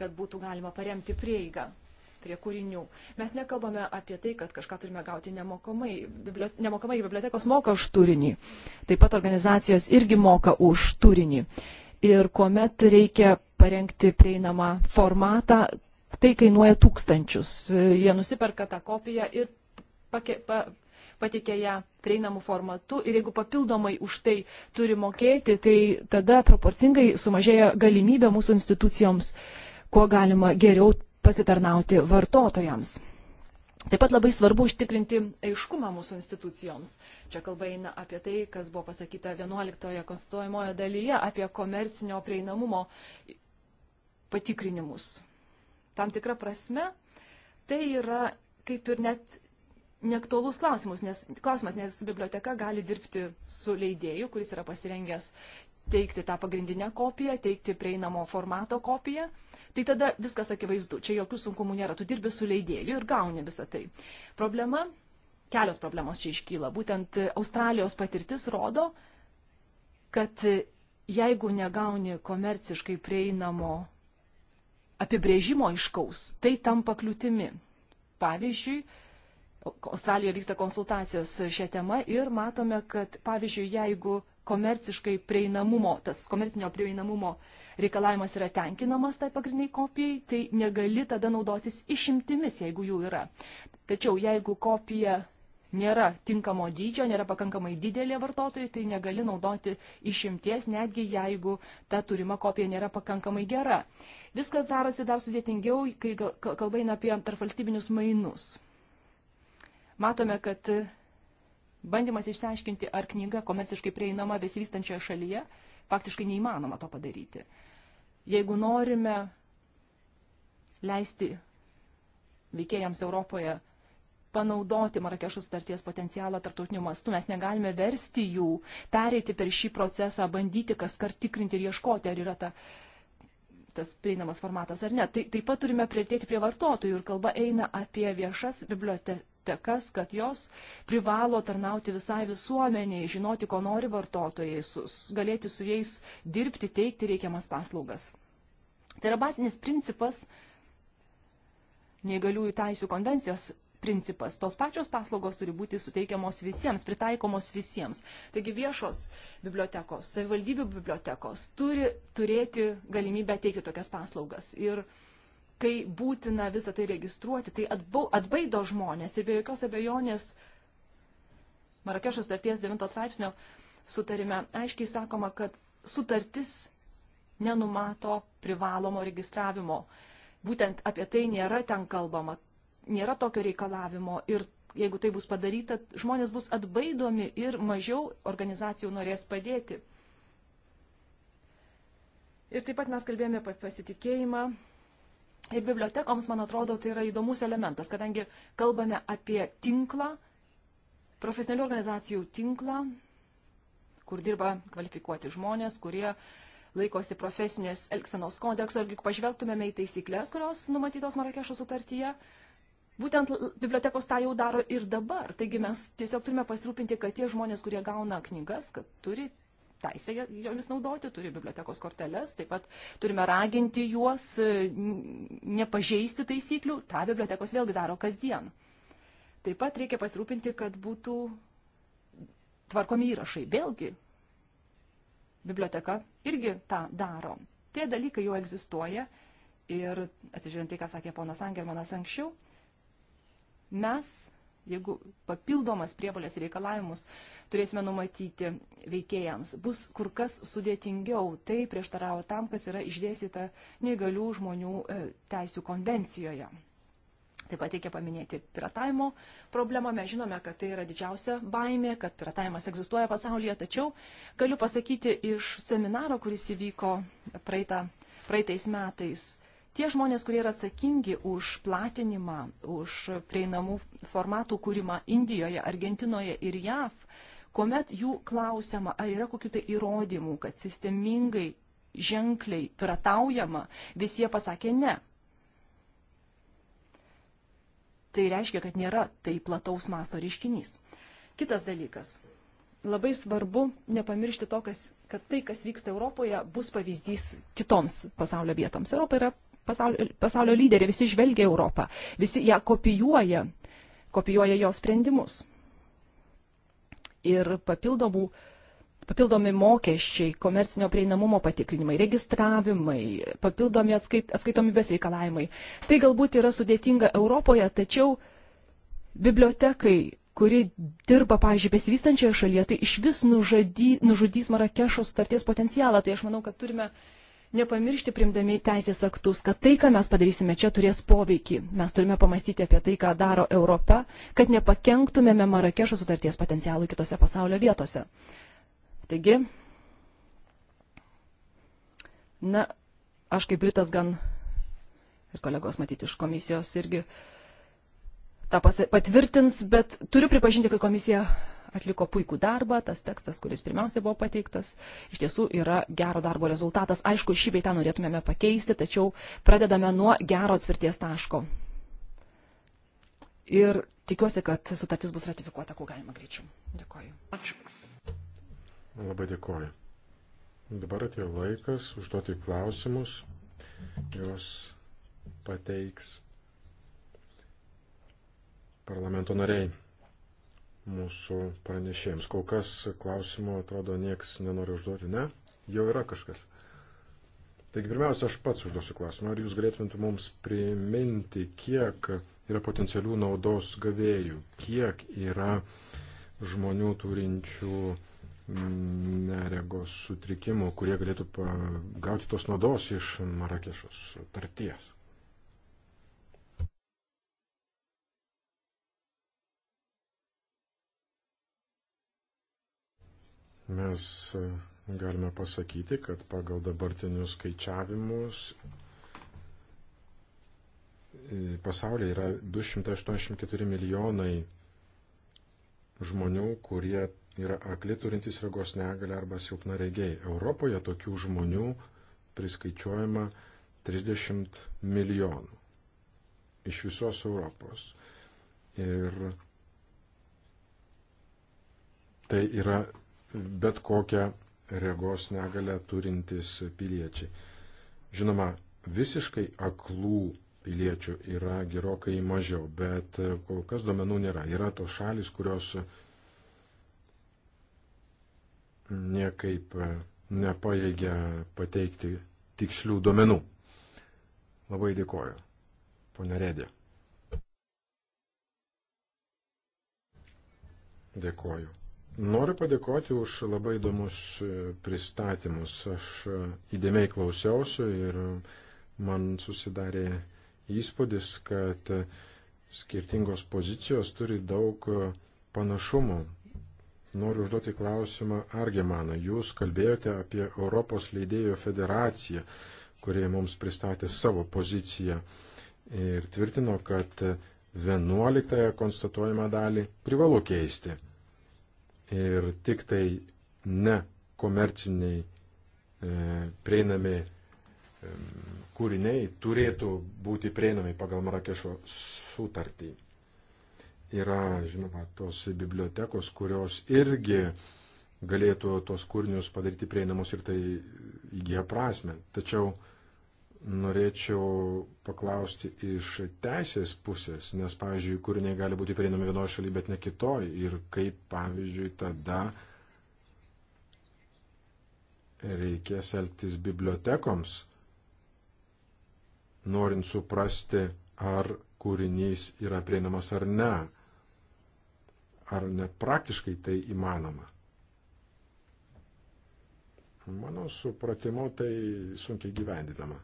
kad būtų galima paremti prieigą prie kūrinių. Mes nekalbame apie tai, kad kažką turime gauti nemokamai. Bibliot nemokamai bibliotekos moka už turinį. Taip pat organizacijos irgi moka už turinį. Ir kuomet reikia parengti prieinamą formatą, tai kainuoja tūkstančius. Jie nusiperka tą kopiją ir pake, pa, pateikia ją prieinamų formatų ir jeigu papildomai už tai turi mokėti, tai tada proporcingai sumažėja galimybė mūsų institucijoms, kuo galima geriau pasitarnauti vartotojams. Taip pat labai svarbu užtikrinti aiškumą mūsų institucijoms. Čia kalba eina apie tai, kas buvo pasakyta 11 konstituojamojo dalyje apie komercinio prieinamumo patikrinimus. Tam tikra prasme, tai yra kaip ir net neaktualus klausimas nes, klausimas, nes biblioteka gali dirbti su leidėju, kuris yra pasirengęs teikti tą pagrindinę kopiją, teikti prieinamo formato kopiją, tai tada viskas akivaizdu, čia jokių sunkumų nėra, tu dirbi su leidėju ir gauni visą tai. Problema, kelios problemos čia iškyla. Būtent Australijos patirtis rodo, kad jeigu negauni komerciškai prieinamo apibrėžimo iškaus, tai tampa kliūtimi. Pavyzdžiui, Australijoje vyksta konsultacijos šią temą ir matome, kad pavyzdžiui, jeigu komerciškai prieinamumo, tas komercinio prieinamumo reikalavimas yra tenkinamas tai pagrindiniai kopijai, tai negali tada naudotis išimtimis, jeigu jų yra. Tačiau jeigu kopija nėra tinkamo dydžio, nėra pakankamai didelė vartotojai, tai negali naudoti išimties, netgi jeigu ta turima kopija nėra pakankamai gera. Viskas darosi dar sudėtingiau, kai kalba eina apie tarpvalstybinius mainus. Matome, kad Bandymas išsiaiškinti, ar knyga komerciškai prieinama besivystančioje šalyje, faktiškai neįmanoma to padaryti. Jeigu norime leisti veikėjams Europoje panaudoti Marakešo sutarties potencialą tarptautiniu mastu. Mes negalime versti jų, pereiti per šį procesą, bandyti kas kart tikrinti ir ieškoti, ar yra ta, tas prieinamas formatas ar ne. Tai, taip pat turime prieartėti prie vartotojų ir kalba eina apie viešas bibliote, tekas, kad jos privalo tarnauti visai visuomeniai, žinoti, ko nori vartotojai, su, galėti su jais dirbti, teikti reikiamas paslaugas. Tai yra basinis principas, neįgaliųjų teisų konvencijos principas. Tos pačios paslaugos turi būti suteikiamos visiems, pritaikomos visiems. Taigi viešos bibliotekos, savivaldybių bibliotekos turi turėti galimybę teikti tokias paslaugas. Ir uh, kai būtina visą tai registruoti, tai atbaido žmonės ir be jokios abejonės Marakešo sutarties 9 straipsnio sutarime aiškiai sakoma, kad sutartis nenumato privalomo registravimo. Būtent apie tai nėra ten kalbama, nėra tokio reikalavimo ir jeigu tai bus padaryta, žmonės bus atbaidomi ir mažiau organizacijų norės padėti. Ir taip pat mes kalbėjome apie pasitikėjimą, Ir bibliotekoms, man atrodo, tai yra įdomus elementas, kadangi kalbame apie tinklą, profesionalių organizacijų tinklą, kur dirba kvalifikuoti žmonės, kurie laikosi profesinės elgsenos kodekso. Ir juk pažvelgtumėme į taisyklės, kurios numatytos Marakešo sutartyje, Būtent bibliotekos tą jau daro ir dabar. Taigi mes tiesiog turime pasirūpinti, kad tie žmonės, kurie gauna knygas, kad turi teisę jomis naudoti, turi bibliotekos korteles, taip pat turime raginti juos e, nepažeisti taisyklių, tą bibliotekos vėlgi daro kasdien. Taip pat reikia pasirūpinti, kad būtų tvarkomi įrašai. Vėlgi, biblioteka irgi tą daro. Tie dalykai jau egzistuoja ir, atsižiūrint tai, ką sakė ponas Angermanas anksčiau, mes jeigu papildomas prievalės reikalavimus turėsime numatyti veikėjams, bus kur kas sudėtingiau. Tai prieštaravo tam, kas yra išdėstyta negalių žmonių e, teisų konvencijoje. Taip pat reikia paminėti piratavimo problemą. Mes žinome, kad tai yra didžiausia baimė, kad piratavimas egzistuoja pasaulyje, tačiau galiu pasakyti iš seminaro, kuris įvyko praeitą, praeitais metais, tie žmonės, kurie yra atsakingi už platinimą, už prieinamų formatų kūrimą Indijoje, Argentinoje ir JAV, kuomet jų klausiama, ar yra kokių tai įrodymų, kad sistemingai, ženkliai pirataujama, visi jie pasakė ne. Tai reiškia, kad nėra tai plataus masto reiškinys. Kitas dalykas. Labai svarbu nepamiršti to, kas, kad tai, kas vyksta Europoje, bus pavyzdys kitoms pasaulio vietoms. Europa yra pasaulio, pasaulio lyderė, visi žvelgia Europą, visi ją kopijuoja, kopijuoja jos sprendimus. Ir papildomų, papildomi mokesčiai, komercinio prieinamumo patikrinimai, registravimai, papildomi atskait, atskaitomybės reikalavimai. Tai galbūt yra sudėtinga Europoje, tačiau bibliotekai kuri dirba, pavyzdžiui, besivystančioje šalyje, tai iš vis nužady, nužudys Marakešo sutarties potencialą. Tai aš manau, kad turime uh, nepamiršti primdami teisės aktus, kad tai, ką mes padarysime čia, turės poveikį. Mes turime pamastyti apie tai, ką daro Europa, kad nepakenktumėme Marakešo sutarties potencialui kitose pasaulio vietose. Taigi, na, aš kaip Britas gan ir kolegos matyti iš komisijos irgi tą patvirtins, bet turiu pripažinti, kad komisija atliko puikų darbą, tas tekstas, kuris pirmiausia buvo pateiktas, iš tiesų yra gero darbo rezultatas. Aišku, šį beitą norėtumėme pakeisti, tačiau pradedame nuo gero atsvirties taško. Ir tikiuosi, kad sutartis bus ratifikuota, kuo galima greičiau. Dėkoju. Ačiū. Labai dėkoju. Dabar atėjo laikas užduoti klausimus. Jos pateiks parlamento nariai mūsų pranešėjams. Kol kas klausimų, atrodo, nieks nenori užduoti, ne? Jau yra kažkas. Taigi pirmiausia, aš pats užduosiu klausimą. Ar jūs galėtumėte mums priminti, kiek yra potencialių naudos gavėjų, kiek yra žmonių turinčių neregos sutrikimų, kurie galėtų gauti tos naudos iš Marakešos tarties? mes e, galime pasakyti, kad pagal dabartinius skaičiavimus e, pasaulyje yra 284 milijonai žmonių, kurie yra akli turintys regos negalę arba silpna regiai. Europoje tokių žmonių priskaičiuojama 30 milijonų iš visos Europos. Ir tai yra bet kokią regos negalę turintys piliečiai. Žinoma, visiškai aklų piliečių yra gerokai mažiau, bet kol kas duomenų nėra. Yra tos šalis, kurios niekaip nepaėgia pateikti tikslių duomenų. Labai dėkoju, ponė Redė. Dėkoju. Noriu padėkoti už labai įdomus e, pristatymus. Aš e, įdėmiai klausiausi ir man susidarė įspūdis, kad e, skirtingos pozicijos turi daug panašumų. Noriu užduoti klausimą Argemaną. Jūs kalbėjote apie Europos leidėjų federaciją, kurie mums pristatė savo poziciją ir tvirtino, kad 11 konstatuojamą dalį privalu keisti ir tik tai ne komerciniai e, prieinami e, kūriniai turėtų būti prieinami pagal Marakešo sutartį. Yra, žinoma, tos bibliotekos, kurios irgi galėtų tos kūrinius padaryti prieinamus ir tai įgyja prasme. Tačiau norėčiau paklausti iš teisės pusės, nes, pavyzdžiui, kūriniai gali būti prieinami vienoje šalyje, bet ne kitoje. Ir kaip, pavyzdžiui, tada reikės elgtis bibliotekoms, norint suprasti, ar kūrinys yra prieinamas ar ne. Ar net praktiškai tai įmanoma. Mano supratimu, tai sunkiai gyvendinama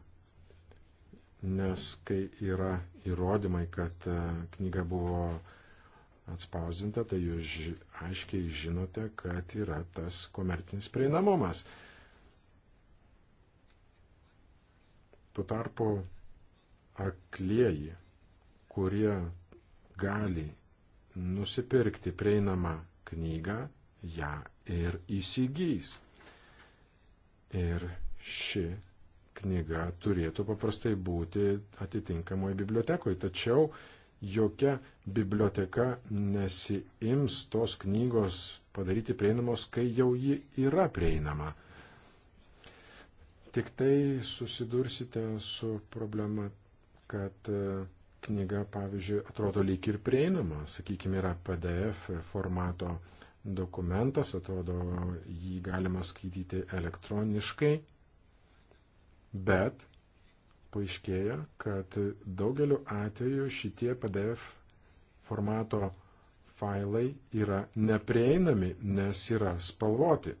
nes kai yra įrodymai, kad e, knyga buvo atspausdinta, tai jūs aiškiai žinote, kad yra tas komercinis prieinamumas. Tuo tarpu aklieji, kurie gali nusipirkti prieinamą knygą, ją ir įsigys. Ir ši knyga turėtų paprastai būti atitinkamoje bibliotekoje, tačiau jokia biblioteka nesiims tos knygos padaryti prieinamos, kai jau ji yra prieinama. Tik tai susidursite su problema, kad e, knyga, pavyzdžiui, atrodo lyg ir prieinama, sakykime, yra PDF formato dokumentas, atrodo, jį galima skaityti elektroniškai, bet paaiškėja, kad daugeliu atveju šitie PDF formato failai yra neprieinami, nes yra spalvoti.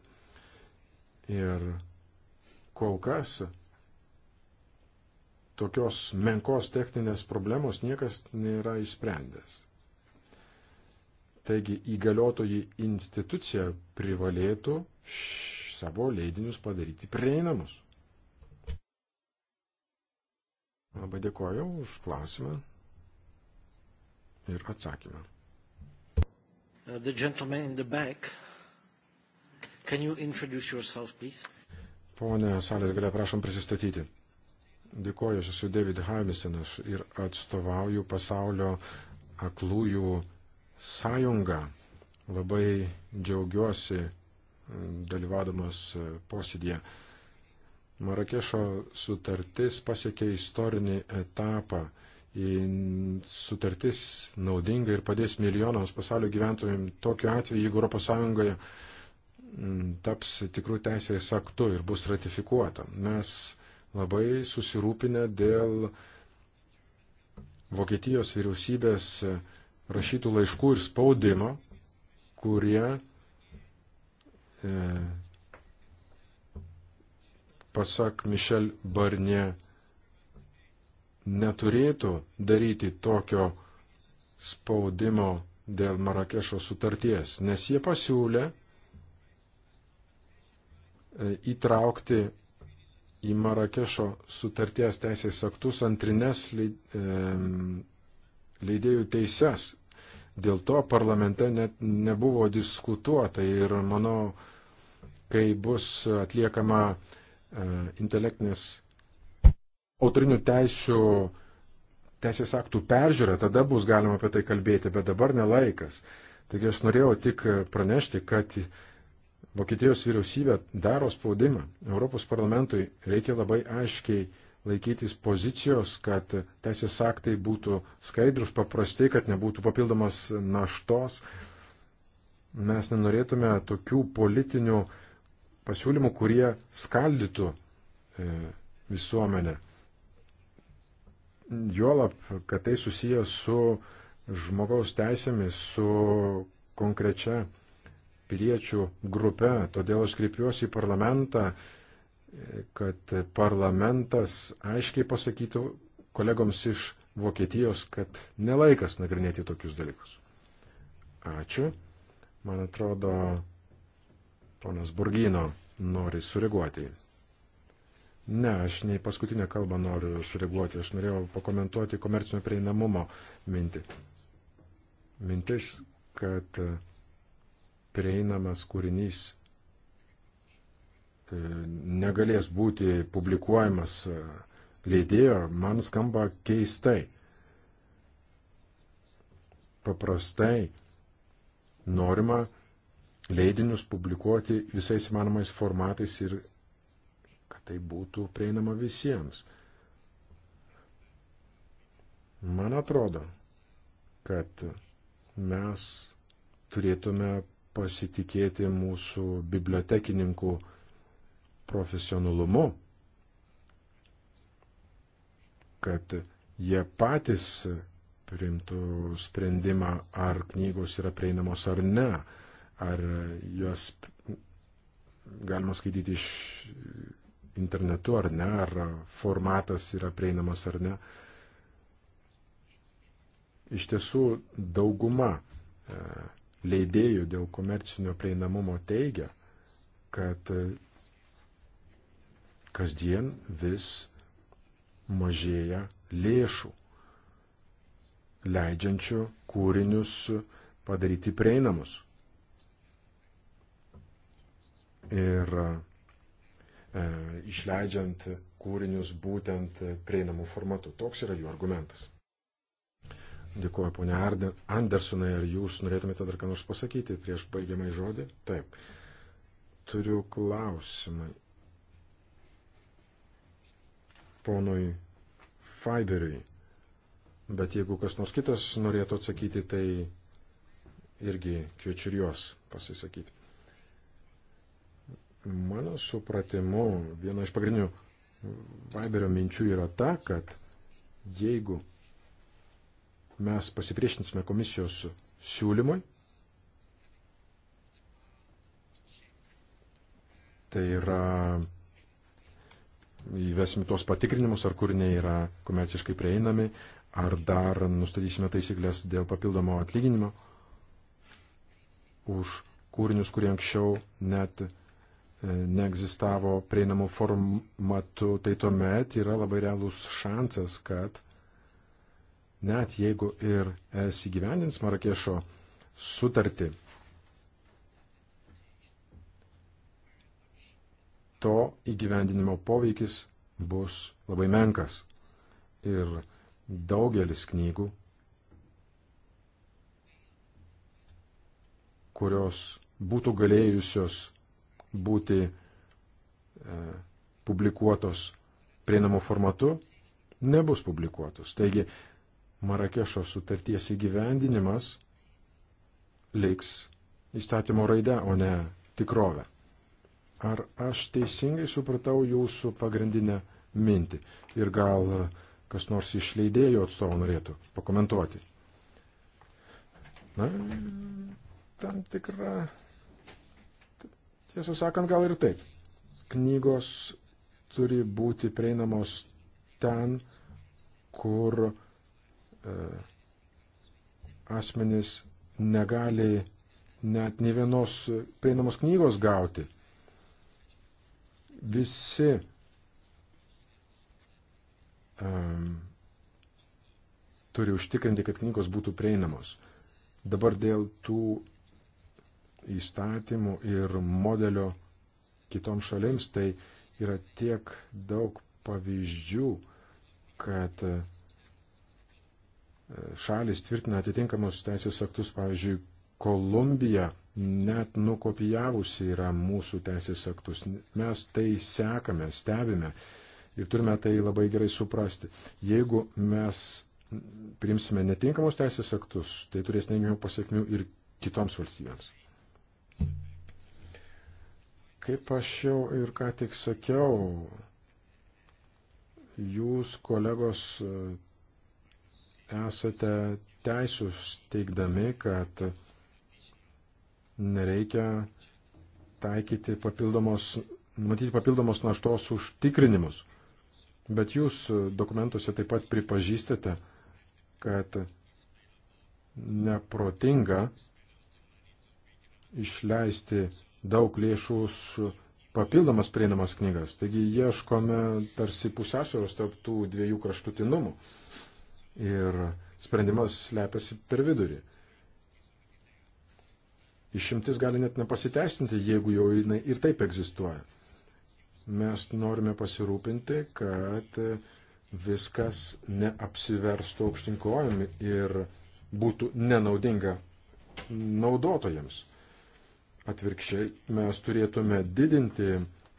Ir kol kas tokios menkos techninės problemos niekas nėra išsprendęs. Taigi įgaliotojai institucija privalėtų savo leidinius padaryti prieinamus. Labai dėkoju už klausimą ir atsakymą. Uh, the gentleman in the back. Can you introduce yourself, please? Pone Salės, galia prašom prisistatyti. Dėkoju, aš esu David Hamisenas ir atstovauju pasaulio aklųjų sąjungą. Labai džiaugiuosi mm, dalyvaudamas e, posėdėje. Marakešo sutartis pasiekė istorinį etapą. Sutartis naudinga ir padės milijonams pasaulio gyventojim tokiu atveju, jeigu ES mm, taps tikrų teisės aktu ir bus ratifikuota. Mes labai susirūpinę dėl Vokietijos vyriausybės rašytų laiškų ir spaudimo, kurie e, pasak Mišel Barnie, neturėtų daryti tokio spaudimo dėl Marakešo sutarties, nes jie pasiūlė e, įtraukti į Marakešo sutarties teisės aktus antrinės leidėjų teises. Dėl to parlamente net nebuvo diskutuota ir manau, kai bus atliekama E, intelektinės autorinių teisių teisės aktų peržiūra, tada bus galima apie tai kalbėti, bet dabar nelaikas. Taigi aš norėjau tik pranešti, kad Vokietijos vyriausybė daro spaudimą. Europos parlamentui reikia labai aiškiai laikytis pozicijos, kad teisės aktai būtų skaidrus, paprastai, kad nebūtų papildomas naštos. Mes nenorėtume tokių politinių uh, pasiūlymų, kurie skaldytų e, visuomenę. Juolab, kad tai susiję su žmogaus teisėmis, su konkrečia piliečių grupe. Todėl aš kreipiuosi į parlamentą, e, kad parlamentas aiškiai pasakytų kolegoms iš Vokietijos, kad nelaikas nagrinėti tokius dalykus. Ačiū. Man atrodo, Ponas Burgino nori sureaguoti. Ne, aš nei paskutinę kalbą noriu sureaguoti. Aš norėjau pakomentuoti komercinio prieinamumo mintį. Mintis, kad e, prieinamas kūrinys e, negalės būti publikuojamas e, leidėjo, man skamba keistai. Paprastai norima leidinius publikuoti visais įmanomais formatais ir kad tai būtų prieinama visiems. Man atrodo, kad mes turėtume pasitikėti mūsų bibliotekininkų profesionalumu, kad jie patys primtų sprendimą, ar knygos yra prieinamos ar ne. Ar juos galima skaityti iš internetu ar ne, ar formatas yra prieinamas ar ne. Iš tiesų dauguma e, leidėjų dėl komercinio prieinamumo teigia, kad e, kasdien vis mažėja lėšų, leidžiančių kūrinius padaryti prieinamus ir e, išleidžiant kūrinius būtent prieinamų formatų. Toks yra jų argumentas. Dėkuoju, ponia Andersonai, ar jūs norėtumėte dar ką nors pasakyti prieš baigiamą žodį? Taip. Turiu klausimą. Ponui Fiberiui. Bet jeigu kas nors kitas norėtų atsakyti, tai irgi kviečiu ir juos pasisakyti. Mano supratimu, viena iš pagrindinių Vaiberio minčių yra ta, kad jeigu mes pasipriešinsime komisijos siūlymui, tai yra įvesime tuos patikrinimus, ar kūriniai yra komerciškai prieinami, ar dar nustatysime taisyklės dėl papildomo atlyginimo už kūrinius, kurie anksčiau net neegzistavo prieinamų formatų, tai tuomet yra labai realus šansas, kad net jeigu ir es įgyvendins Marakešo sutartį, to įgyvendinimo poveikis bus labai menkas. Ir daugelis knygų, kurios būtų galėjusios būti e, publikuotos prieinamu formatu, nebus publikuotos. Taigi Marakešo sutarties įgyvendinimas liks įstatymo raidę, o ne tikrovę. Ar aš teisingai supratau jūsų pagrindinę mintį? Ir gal kas nors iš leidėjų atstovų norėtų pakomentuoti? Na, tam tikra Tiesą sakant, gal ir taip. Knygos turi būti prieinamos ten, kur e, asmenys negali net ne vienos prieinamos knygos gauti. Visi um, turi užtikrinti, kad knygos būtų prieinamos. Dabar dėl tų įstatymų ir modelio kitoms šalims, tai yra tiek daug pavyzdžių, kad e, šalis tvirtina atitinkamus teisės aktus, pavyzdžiui, Kolumbija net nukopijavusi yra mūsų teisės aktus. Mes tai sekame, stebime ir turime tai labai gerai suprasti. Jeigu mes priimsime netinkamus teisės aktus, tai turės neigiamų pasiekmių ir kitoms valstybėms. Kaip aš jau ir ką tik sakiau, jūs kolegos esate teisūs teikdami, kad nereikia taikyti papildomos, matyti papildomos naštos užtikrinimus. Bet jūs dokumentuose taip pat pripažįstate, kad neprotinga išleisti daug lėšų už papildomas prieinamas knygas. Taigi ieškome tarsi pusiausvėros tarp tų dviejų kraštutinumų. Ir sprendimas slepiasi per vidurį. Išimtis gali net nepasiteisinti, jeigu jau jinai ir taip egzistuoja. Mes norime pasirūpinti, kad viskas neapsiverstų aukštinkojami ir būtų nenaudinga naudotojams. Atvirkščiai mes turėtume didinti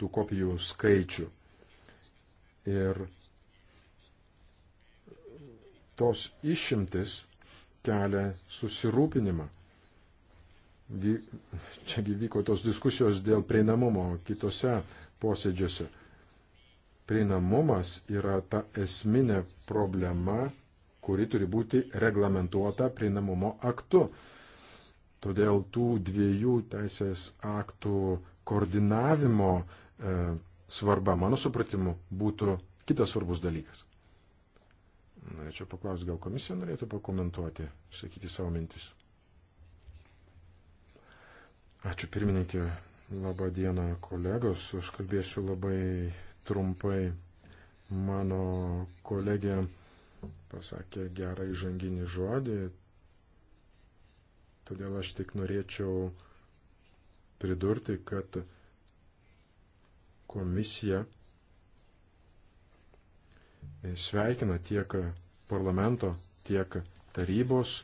tų kopijų skaičių. Ir tos išimtis kelia susirūpinimą. Vy... Čiagi vyko tos diskusijos dėl prieinamumo kitose posėdžiuose. Prieinamumas yra ta esminė problema, kuri turi būti reglamentuota prieinamumo aktu. Todėl tų dviejų teisės aktų koordinavimo e, svarba, mano supratimu, būtų kitas svarbus dalykas. Norėčiau paklausti, gal komisija norėtų pakomentuoti, sakyti savo mintis. Ačiū pirmininkė, labą dieną kolegos, aš kalbėsiu labai trumpai. Mano kolegė pasakė gerą įžanginį žodį, Todėl aš tik norėčiau pridurti, kad komisija sveikina tiek parlamento, tiek tarybos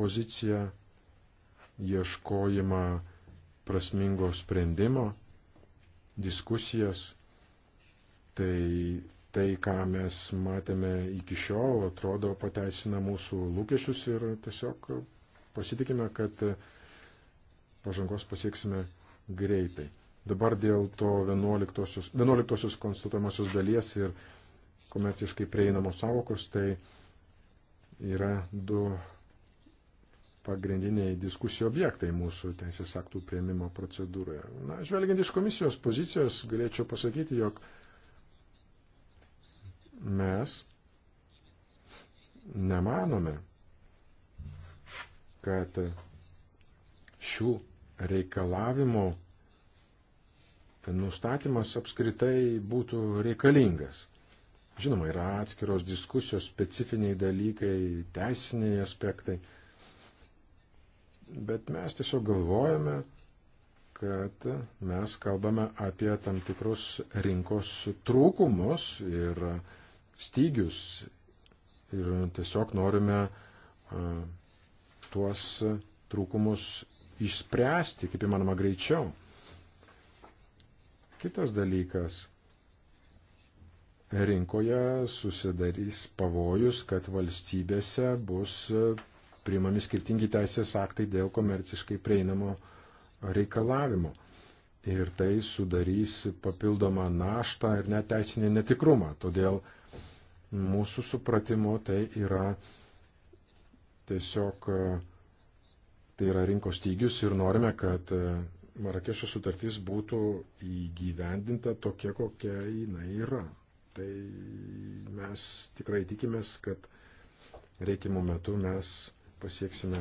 poziciją, ieškojimą prasmingo sprendimo, diskusijas. Tai tai, ką mes matėme iki šiol, atrodo pateisina mūsų lūkesčius ir tiesiog pasitikime, kad pažangos pasieksime greitai. Dabar dėl to 11, 11 konstatuojamosios dalies ir komerciškai prieinamos savokos, tai yra du pagrindiniai diskusijų objektai mūsų teisės aktų prieimimo procedūroje. Na, žvelgiant iš komisijos pozicijos, galėčiau pasakyti, jog mes nemanome, kad šių reikalavimų nustatymas apskritai būtų reikalingas. Žinoma, yra atskiros diskusijos, specifiniai dalykai, teisiniai aspektai, bet mes tiesiog galvojame, kad mes kalbame apie tam tikrus rinkos trūkumus ir stygius ir tiesiog norime tuos trūkumus išspręsti kaip įmanoma greičiau. Kitas dalykas. Rinkoje susidarys pavojus, kad valstybėse bus priimami skirtingi teisės aktai dėl komerciškai prieinamo reikalavimo. Ir tai sudarys papildomą naštą ir neteisinį netikrumą. Todėl mūsų supratimo tai yra Tiesiog e, tai yra rinkos stygius ir norime, kad e, Marakešo sutartis būtų įgyvendinta tokia, kokia jinai yra. Tai mes tikrai tikimės, kad reikimo metu mes pasieksime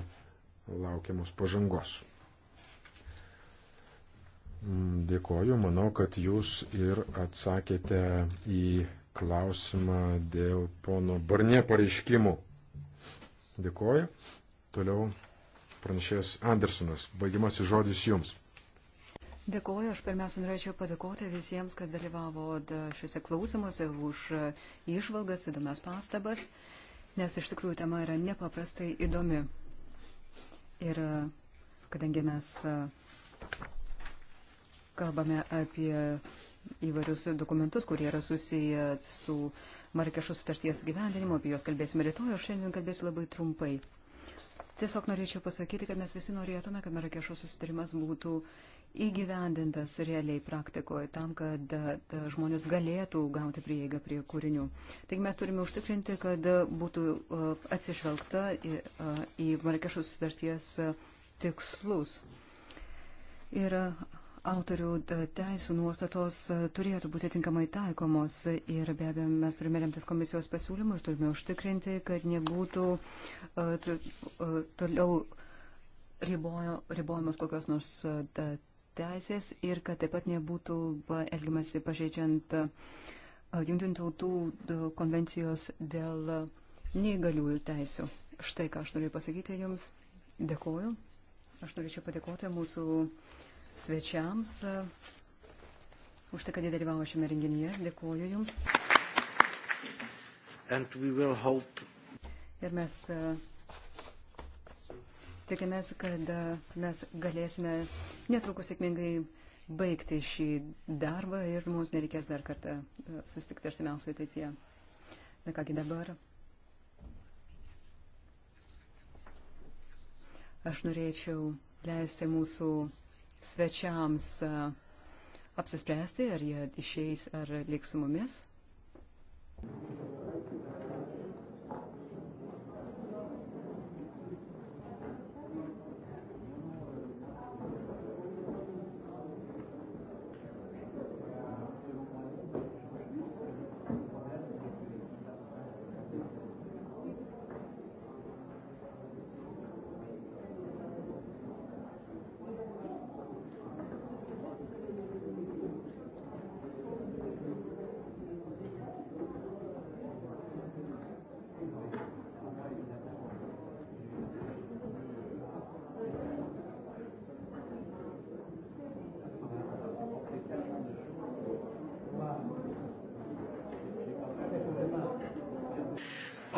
laukiamos pažangos. Mm, dėkoju, manau, kad jūs ir atsakėte į klausimą dėl pono Barnė pareiškimų. Dėkoju. Toliau pranešėjas Andersonas. Baigiamasis žodis jums. Dėkoju, aš pirmiausia norėčiau padėkoti visiems, kad dalyvavo šiuose klausimuose už išvalgas, įdomias pastabas, nes iš tikrųjų tema yra nepaprastai įdomi. Ir kadangi mes kalbame apie įvairius dokumentus, kurie yra susiję su Marikešų sutarties gyvendinimu, apie juos kalbėsime rytoj, aš šiandien kalbėsiu labai trumpai. Tiesiog norėčiau pasakyti, kad mes visi norėtume, kad Marikešo susitarimas būtų įgyvendintas realiai praktikoje tam, kad da, e, da, žmonės galėtų gauti prieigą prie kūrinių. Taigi mes turime užtikrinti, kad būtų uh, atsižvelgta į, uh, į Marikešo sutarties uh, tikslus. Ir uh, autorių teisų nuostatos e, turėtų būti tinkamai taikomos ir be abejo mes turime remtis komisijos pasiūlymų ir turime užtikrinti, kad nebūtų e, e, toliau ribojo, ribojamos kokios nors teisės ir kad taip pat nebūtų elgiamasi pažeidžiant Junktinių tautų konvencijos dėl neįgaliųjų teisų. Štai ką aš noriu pasakyti Jums. Dėkoju. Aš norėčiau padėkoti mūsų uh, svečiams uh, už tai, kad jie dalyvavo šiame renginyje. Dėkuoju Jums. Hope... Ir mes uh, tikimės, kad uh, mes galėsime netrukus sėkmingai baigti šį darbą ir mums nereikės dar kartą susitikti artimiausioje ateityje. Na kągi dabar. Aš norėčiau leisti mūsų svečiams e, apsispręsti, ar jie išeis, ar liks su mumis. Thank you.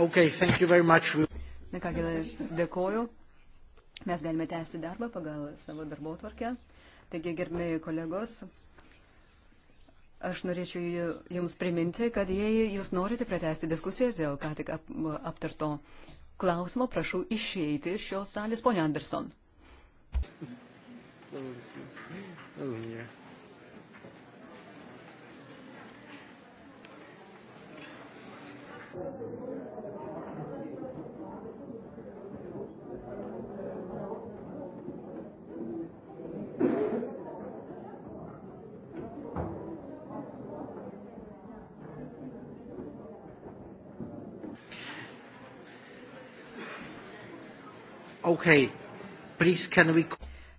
Okay, thank you very much. Na kągi, dėkoju. Mes galime tęsti darbą pagal savo darbo tvarkę. Taigi, gerbėjai kolegos, aš norėčiau Jums priminti, kad jei Jūs norite pratesti diskusijas dėl ką tik ap, aptarto klausimo, prašau išeiti iš šios salės, ponia Anderson. Doesn't hear. Thank you. okay, please can we...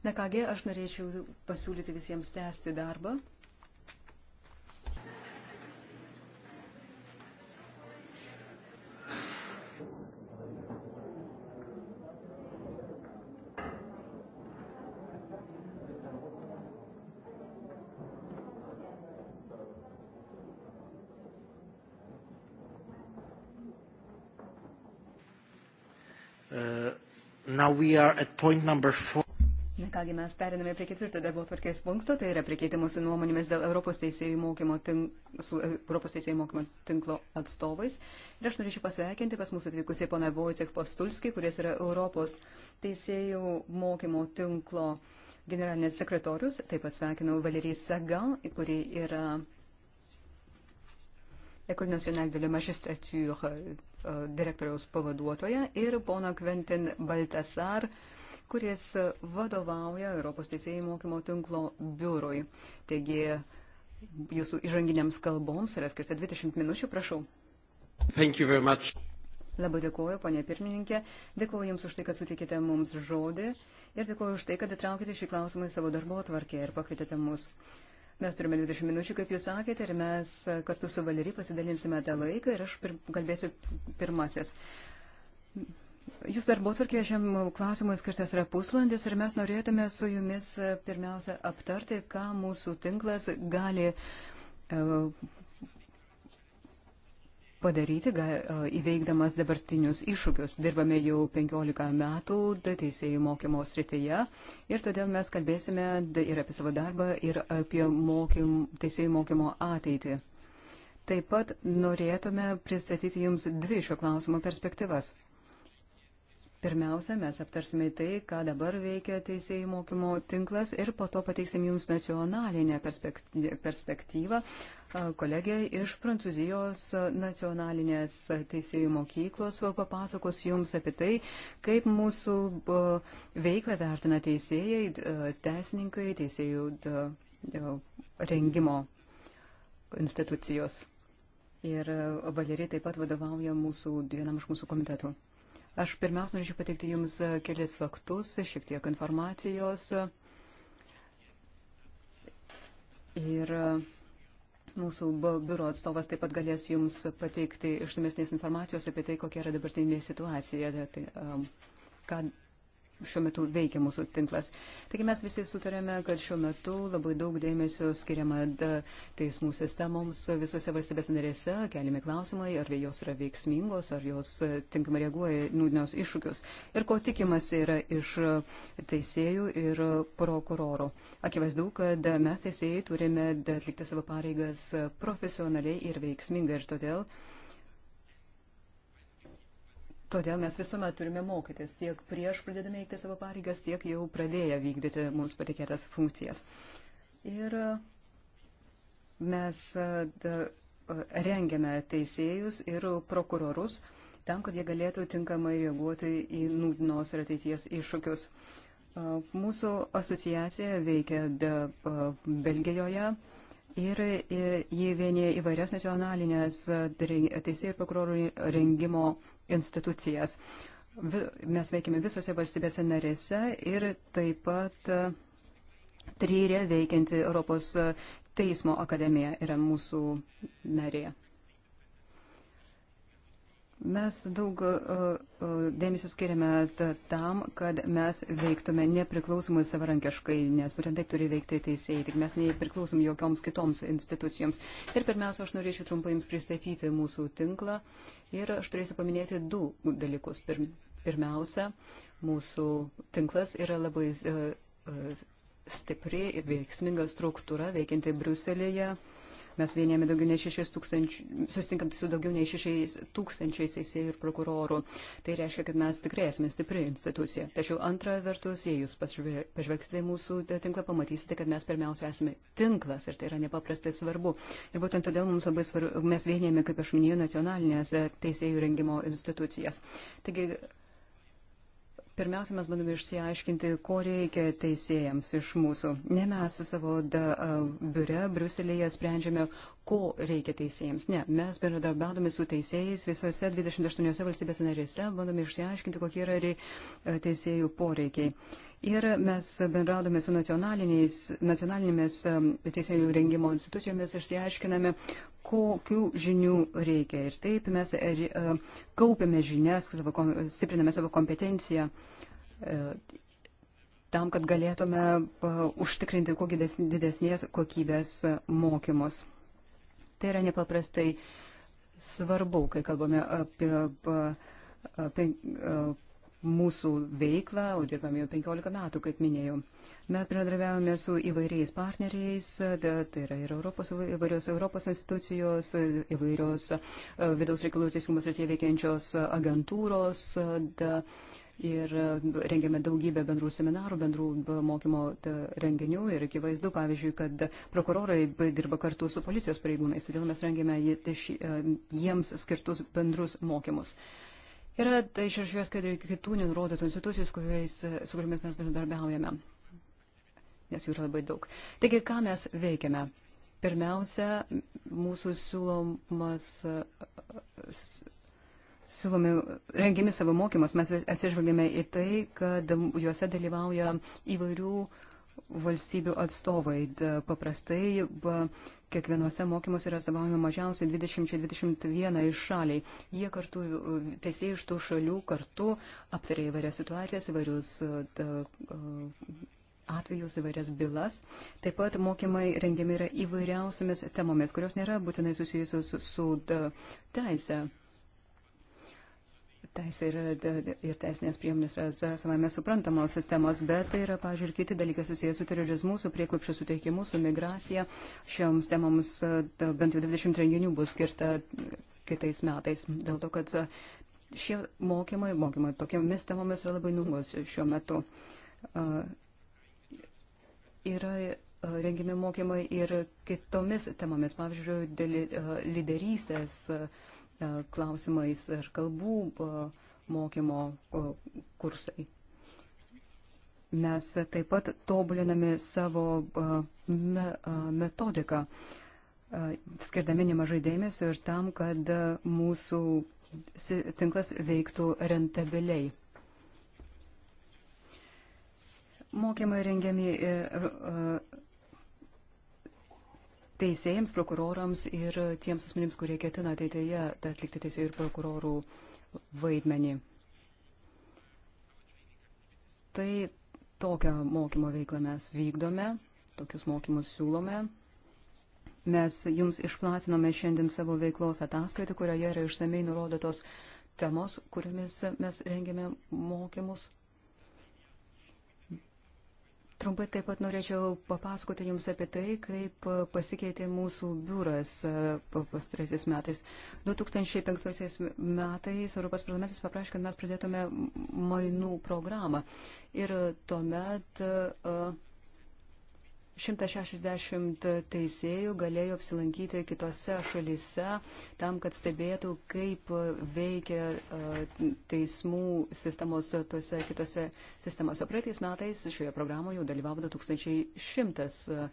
Na kągi, aš norėčiau pasiūlyti visiems tęsti darbą. Na kągi, mes periname prie ketvirto darbo tvarkės punkto, tai yra prie keitimosi nuomonėmis dėl Europos teisėjų mokymo, tink, su, e, Europos teisėjų mokymo tinklo atstovais. Ir aš norėčiau pasveikinti pas mūsų atvykusiai pana Vojcek Postulski, kuris yra Europos teisėjų mokymo tinklo generalinės sekretorius. Taip pat sveikinau Valerijai Saga, kuri yra École nationale de la magistrature direktoriaus pavaduotoją ir poną Kventin Baltasar, kuris vadovauja Europos teisėjų mokymo tinklo biurui. Taigi, jūsų įžanginiams kalboms yra skirta 20 minučių, prašau. Labai dėkuoju, ponė pirmininkė, dėkuoju Jums už tai, kad sutikite mums žodį ir dėkuoju už tai, kad įtraukite šį klausimą į savo darbo atvarkę ir pakvietėte mus. Mes turime 20 minučių, kaip jūs sakėte, ir mes kartu su Valerį pasidalinsime tą laiką ir aš pir kalbėsiu pirmasis. Jūs darbo tvarkė šiam klausimui skirtas yra pusvalandis ir mes norėtume su jumis e, pirmiausia aptarti, ką mūsų tinklas gali e, padaryti, įveikdamas dabartinius iššūkius. Dirbame jau 15 metų teisėjų mokymo srityje ir todėl mes kalbėsime ir apie savo darbą, ir apie mokym, teisėjų mokymo ateitį. Taip pat norėtume pristatyti Jums dvi šio klausimo perspektyvas. Pirmiausia, mes aptarsime tai, ką dabar veikia teisėjų mokymo tinklas ir po to pateiksim jums nacionalinę perspektyvą. Kolegė iš Prancūzijos nacionalinės teisėjų mokyklos papasakos jums apie tai, kaip mūsų veiklą vertina teisėjai, teisininkai, teisėjų rengimo institucijos. Ir Valerija taip pat vadovauja mūsų, vienam iš mūsų komitetų. Aš pirmiausia norėčiau pateikti Jums kelias faktus, šiek tiek informacijos. Ir mūsų biuro atstovas taip pat galės Jums pateikti išsamesnės informacijos apie tai, kokia yra dabartinė situacija, tai, um, ką šiuo metu veikia mūsų tinklas. Taigi mes visi sutarėme, kad šiuo metu labai daug dėmesio skiriama teismų sistemoms visose valstybės narėse, keliami klausimai, ar jos yra veiksmingos, ar jos tinkamai reaguoja nūdinios iššūkius ir ko tikimasi yra iš teisėjų ir prokurorų. Akivaizdu, kad mes teisėjai turime atlikti savo pareigas profesionaliai ir veiksmingai ir todėl. Todėl mes visuomet turime mokytis tiek prieš pradėdami eiti savo pareigas, tiek jau pradėję vykdyti mums patikėtas funkcijas. Ir e, mes e, e, rengiame teisėjus ir prokurorus tam, kad jie galėtų tinkamai reaguoti į nūdienos ir ateities iššūkius. Mūsų asociacija veikia Belgijoje, Ir e, jį vienyje įvairias nacionalinės e, teisėjų ir prokurorų rengimo institucijas. Mes veikiame visose valstybėse narėse ir taip pat e, tryrė veikianti Europos teismo akademija yra mūsų narė. Mes daug e, e, dėmesio skiriame tam, kad mes veiktume nepriklausomai savarankiškai, nes būtent taip turi veikti teisėjai, tik mes nepriklausom jokioms kitoms institucijoms. Ir pirmiausia, aš norėčiau trumpai Jums pristatyti mūsų tinklą ir aš turėsiu paminėti du dalykus. Pirmiausia, mūsų tinklas yra labai e, stipri ir veiksminga struktūra veikianti Bruselėje Mes vienėme daugiau nei 6 tūkstančių, susitinkam su daugiau nei 6 tūkstančiais teisėjų ir prokurorų. Tai reiškia, kad mes tikrai esame stipri institucija. Tačiau antra vertus, jei jūs pažvelgsite į mūsų tinklą, pamatysite, kad mes pirmiausia esame tinklas ir tai yra nepaprastai svarbu. Ir būtent todėl mums labai svarbu, mes vienėme, kaip aš minėjau, nacionalinės teisėjų rengimo institucijas. Taigi, Pirmiausia, mes bandome išsiaiškinti, ko reikia teisėjams iš mūsų. Ne mes savo da, biure Bruselėje sprendžiame, ko reikia teisėjams. Ne, mes bendradarbiaudami su teisėjais visose 28 valstybės narėse bandome išsiaiškinti, kokie yra teisėjų poreikiai. Ir mes bendradome su nacionalinėmis teisėjų rengimo institucijomis išsiaiškiname, kokių žinių reikia. Ir taip mes kaupiame žinias, stipriname savo kompetenciją e, tam, kad galėtume užtikrinti kuo didesnės kokybės mokymus. Tai yra nepaprastai svarbu, kai kalbame apie, apie, apie mūsų veiklą, o dirbame jau 15 metų, kaip minėjau. Mes bendradarbiavome su įvairiais partneriais, tai yra ir Europos, įvairios Europos institucijos, įvairios e, vidaus reikalų teisingumas ir tie veikiančios agentūros. Da, Ir rengiame daugybę bendrų seminarų, bendrų e, mokymo renginių ir akivaizdu, pavyzdžiui, kad prokurorai dirba kartu su policijos pareigūnais, todėl mes rengiame e, jiems skirtus bendrus mokymus. Uh, Yra tai šioje skaidrėje kitų nurodytų institucijų, kuriais, su kuriamis mes bendradarbiaujame, nes jų yra labai daug. Taigi, ką mes veikiame? Pirmiausia, mūsų siūlomas, siūlomi, rengiami savo mokymus, mes atsižvelgėme į tai, kad juose dalyvauja įvairių uh, valstybių atstovai. Paprastai kiekvienose mokymuose yra savaujama mažiausiai 20-21 iš šaliai. Jie kartu, tiesiai iš tų šalių kartu aptarė įvairias situacijas, įvairius e, e, atvejus, įvairias bylas. Taip pat mokymai rengiami yra įvairiausiamis temomis, kurios nėra būtinai susijusios su teise teisė ir, ir teisinės priemonės yra savame suprantamos temos, bet tai yra, pažiūrėjau, ir kiti dalykai susijęs su terorizmu, su prieklapščio suteikimu, su migracija. Šioms temoms e, bent jau 20 renginių bus skirta e, kitais metais, dėl to, kad e, šie mokymai, mokymai tokiamis temomis yra labai nungos šiuo metu. Yra rengiami mokymai ir kitomis temomis, pavyzdžiui, dėl lyderystės E, klausimais ir kalbų e, mokymo kursai. Mes taip pat tobuliname savo e, metodiką, skirdami nemažai dėmesio ir tam, kad mūsų tinklas veiktų rentabiliai. Mokymai rengiami teisėjams, prokurorams ir tiems asmenims, kurie ketina ateityje atlikti teisėjų ir prokurorų vaidmenį. Tai tokią mokymo veiklą mes vykdome, tokius mokymus siūlome. Mes jums išplatinome šiandien savo veiklos ataskaitą, kurioje yra išsamei nurodytos temos, kuriomis mes rengėme mokymus Trumpai taip pat norėčiau papasakoti Jums apie tai, kaip pasikeitė mūsų biuras e, pastaraisiais metais. 2005 metais Europos parlamentas paprašė, kad mes pradėtume mainų programą. Ir tuomet uh, 160 teisėjų galėjo apsilankyti kitose šalise tam, kad stebėtų, kaip veikia teismų sistemos tose kitose sistemose. Praeitais metais šioje programoje jau dalyvavo 2100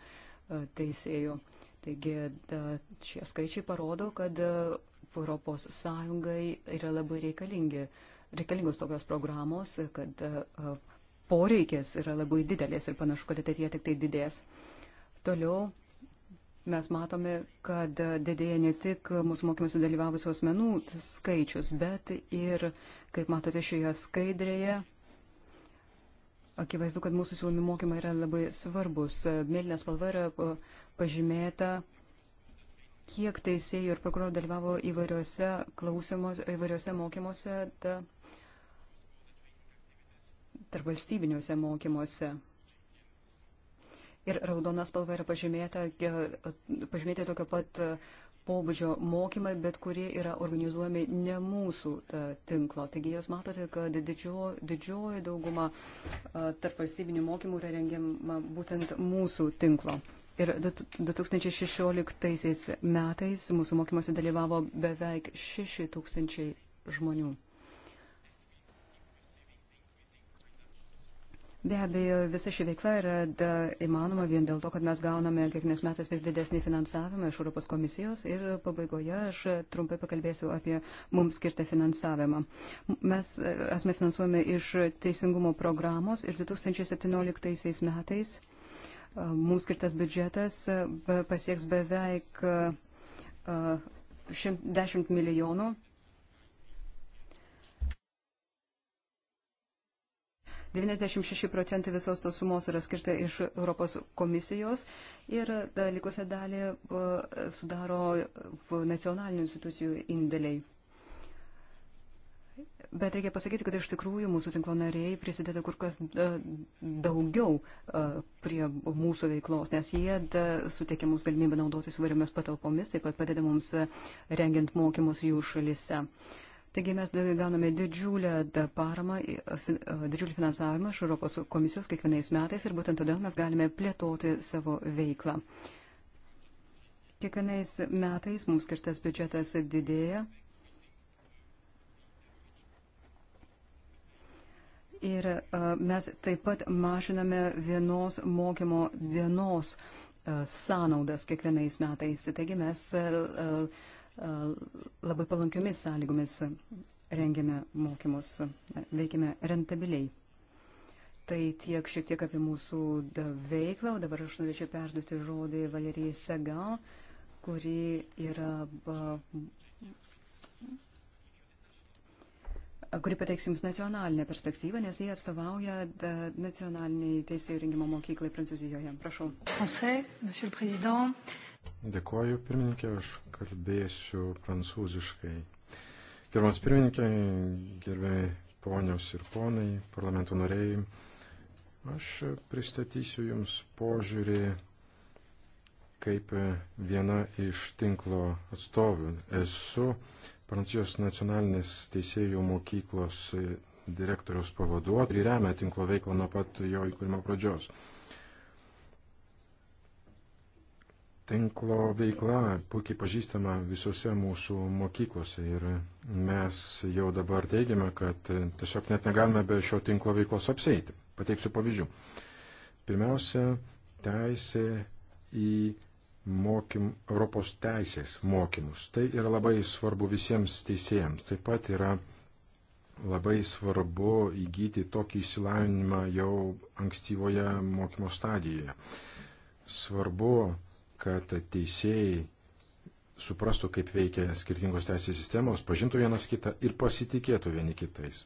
teisėjų. Taigi šie skaičiai parodo, kad Europos Sąjungai yra labai reikalingi. Reikalingos tokios programos, kad poreikis yra labai didelis ir panašu, kad ateityje tik tai didės. Toliau mes matome, kad didėja ne tik mūsų mokymuose dalyvavusių asmenų skaičius, bet ir, kaip matote šioje skaidrėje, akivaizdu, kad mūsų siūlomi mokymai yra labai svarbus. Mėlynė spalva yra pažymėta, kiek teisėjų ir prokurorų dalyvavo įvairiuose klausimuose, įvairiuose mokymuose. Ta, da tarpvalstybiniuose mokymuose. Ir raudona spalva yra pažymėta, pažymėta tokio pat e, pobūdžio mokymai, bet kurie yra organizuojami ne mūsų ta, e, tinklo. Taigi jūs matote, kad didžio, didžioji dauguma e, tarp valstybinių mokymų yra rengiama būtent mūsų tinklo. Ir 2016 metais mūsų mokymuose dalyvavo beveik 6 tūkstančiai žmonių. Be abejo, visa ši veikla yra da, įmanoma vien dėl to, kad mes gauname kiekvienais metais vis didesnį finansavimą iš Europos komisijos ir pabaigoje aš trumpai pakalbėsiu apie mums skirtą finansavimą. Mes e, esame finansuojami iš teisingumo programos ir 2017 metais e, mums skirtas biudžetas e, pasieks beveik 10 milijonų 96 procentai visos tos sumos yra skirta iš Europos komisijos ir e, likusią dalį e, sudaro e, nacionalinių institucijų indėliai. Bet reikia pasakyti, kad iš tikrųjų mūsų tinklo nariai prisideda kur kas daugiau prie mūsų veiklos, nes jie suteikia mums galimybę naudotis įvairiomis patalpomis, taip pat padeda mums rengiant mokymus jų šalise. Uh, Taigi mes gauname didžiulę paramą, didžiulį finansavimą iš Europos komisijos kiekvienais metais ir būtent todėl mes galime plėtoti savo veiklą. Kiekvienais metais mums skirtas biudžetas didėja. Ir mes taip pat mažiname vienos mokymo dienos sąnaudas kiekvienais metais. Taigi mes uh, labai palankiomis sąlygomis rengiame mokymus, veikiame rentabiliai. Tai tiek šiek tiek apie mūsų veiklą, o dabar aš norėčiau perduoti žodį Valerijai Segal, kuri yra kuri pateiks jums nacionalinę perspektyvą, nes jie atstovauja nacionaliniai teisėjų rengimo mokyklai Prancūzijoje. Prašau. Français, Dėkuoju pirmininkė, aš kalbėsiu prancūziškai. Gerbiamas pirmininkė, gerbiami ponios ir ponai, parlamento nariai, aš pristatysiu Jums požiūrį kaip viena iš tinklo atstovių. Esu Prancūzijos nacionalinės teisėjų mokyklos direktoriaus pavaduotojai, remia tinklo veiklą nuo pat jo įkūrimo pradžios. tinklo veikla puikiai pažįstama visose mūsų mokyklose ir mes jau dabar teigiame, kad tiesiog net negalime be šio tinklo veiklos apseiti. Pateiksiu pavyzdžių. Pirmiausia, teisė į mokym, Europos teisės mokymus. Tai yra labai svarbu visiems teisėjams. Taip pat yra labai svarbu įgyti tokį įsilavinimą jau ankstyvoje mokymo stadijoje. Svarbu kad teisėjai suprastų, kaip veikia skirtingos teisės sistemos, pažintų vienas kitą ir pasitikėtų vieni kitais.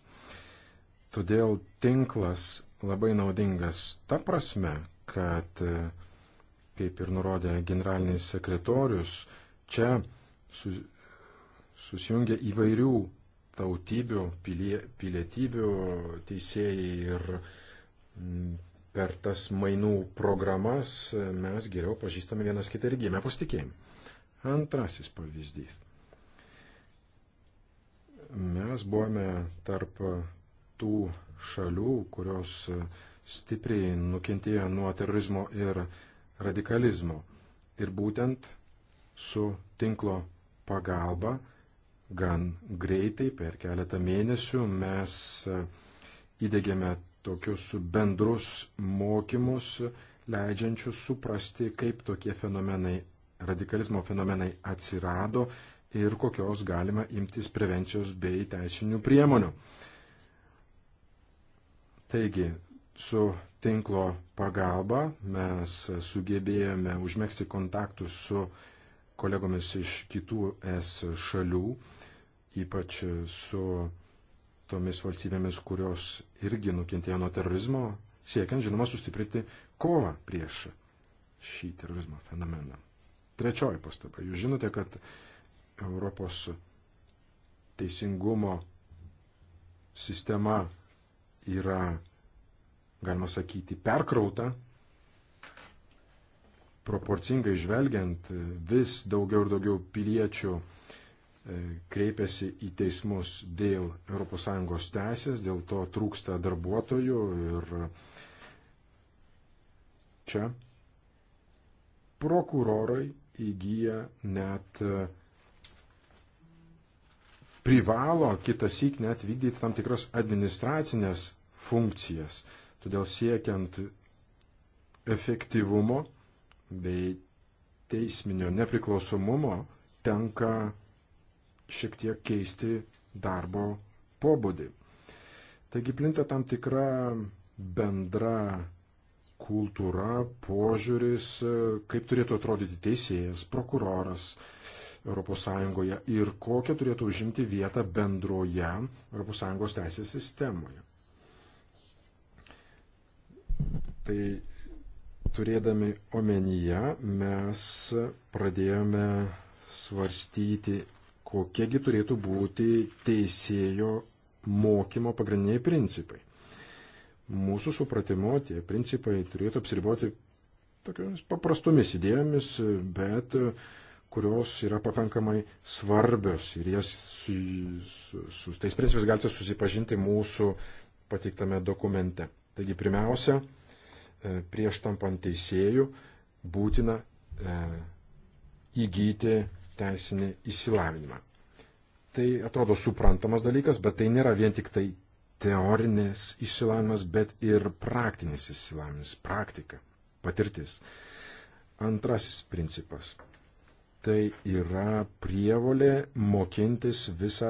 Todėl tinklas labai naudingas ta prasme, kad, e, kaip ir nurodė generalinis sekretorius, čia su, susijungia įvairių tautybių, pilie, pilietybių teisėjai ir per tas mainų programas e, mes geriau pažįstame vienas kitą ir gimė pasitikėjimą. Antrasis pavyzdys. Mes buvome tarp tų šalių, kurios stipriai nukentėjo nuo terorizmo ir radikalizmo. Ir būtent su tinklo pagalba gan greitai, per keletą mėnesių, mes e, įdėgėme tokius bendrus mokymus, leidžiančius suprasti, kaip tokie fenomenai, radikalizmo fenomenai atsirado ir kokios galima imtis prevencijos bei teisinių priemonių. Taigi, su tinklo pagalba mes sugebėjome užmėgsti kontaktus su kolegomis iš kitų es šalių, ypač su tomis valstybėmis, kurios irgi nukentėjo nuo terorizmo, siekiant, žinoma, sustiprinti kovą prieš šį terorizmo fenomeną. Trečioji pastaba. Jūs žinote, kad Europos teisingumo sistema yra, galima sakyti, perkrauta. Proporcingai žvelgiant, vis daugiau ir daugiau piliečių E, kreipiasi į teismus dėl ES teisės, dėl to trūksta darbuotojų ir čia prokurorai įgyja net e, privalo kitasyk net vykdyti tam tikras administracinės funkcijas. Todėl siekiant efektyvumo bei teisminio nepriklausomumo tenka šiek tiek keisti darbo pobūdį. Taigi plinta tam tikra bendra kultūra, požiūris, kaip turėtų atrodyti teisėjas, prokuroras ES ir kokią turėtų užimti vietą bendroje ES teisės sistemoje. Tai turėdami omenyje mes pradėjome svarstyti kokiegi turėtų būti teisėjo mokymo pagrindiniai principai. Mūsų supratimo tie principai turėtų apsiriboti tokiamis paprastomis idėjomis, bet e, kurios yra pakankamai svarbios ir jas su, su, su tais principais galite susipažinti mūsų pateiktame dokumente. Taigi pirmiausia, e, prieš tampant teisėjų būtina e, įgyti teisinį įsilavinimą. Tai atrodo suprantamas dalykas, bet tai nėra vien tik tai teorinis išsilavinimas, bet ir praktinis išsilavinimas, praktika, patirtis. Antrasis principas. Tai yra prievolė mokintis visą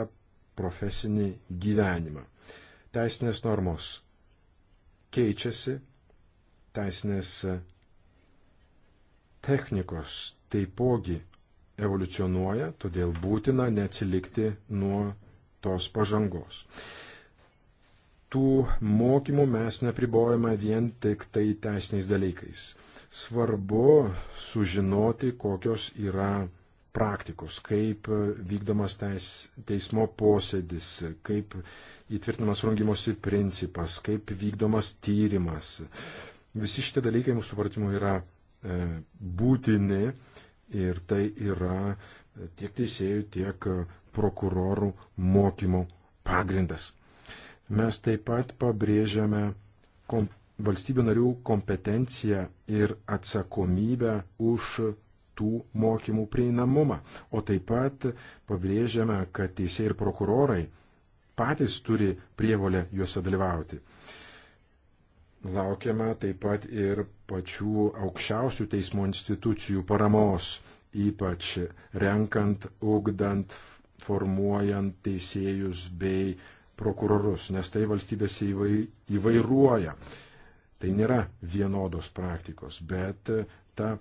profesinį gyvenimą. Teisinės normos keičiasi, teisinės technikos taipogi evoliucionuoja, todėl būtina neatsilikti nuo tos pažangos. Tų mokymų mes nepribojame vien tik tai teisiniais dalykais. Svarbu sužinoti, kokios yra praktikos, kaip vykdomas teis, teismo posėdis, kaip įtvirtinamas rungimosi principas, kaip vykdomas tyrimas. Visi šitie dalykai mūsų supratimu yra e, būtini, ir tai yra tiek teisėjų, tiek prokurorų mokymo pagrindas. Mes taip pat pabrėžiame kom, valstybių narių kompetenciją ir atsakomybę už tų mokymų prieinamumą. O taip pat pabrėžiame, kad teisėjai ir prokurorai patys turi prievolę juose dalyvauti laukiame taip pat ir pačių aukščiausių teismo institucijų paramos, ypač renkant, ugdant, formuojant teisėjus bei prokurorus, nes tai valstybėse įvairuoja. Tai nėra vienodos praktikos, bet ta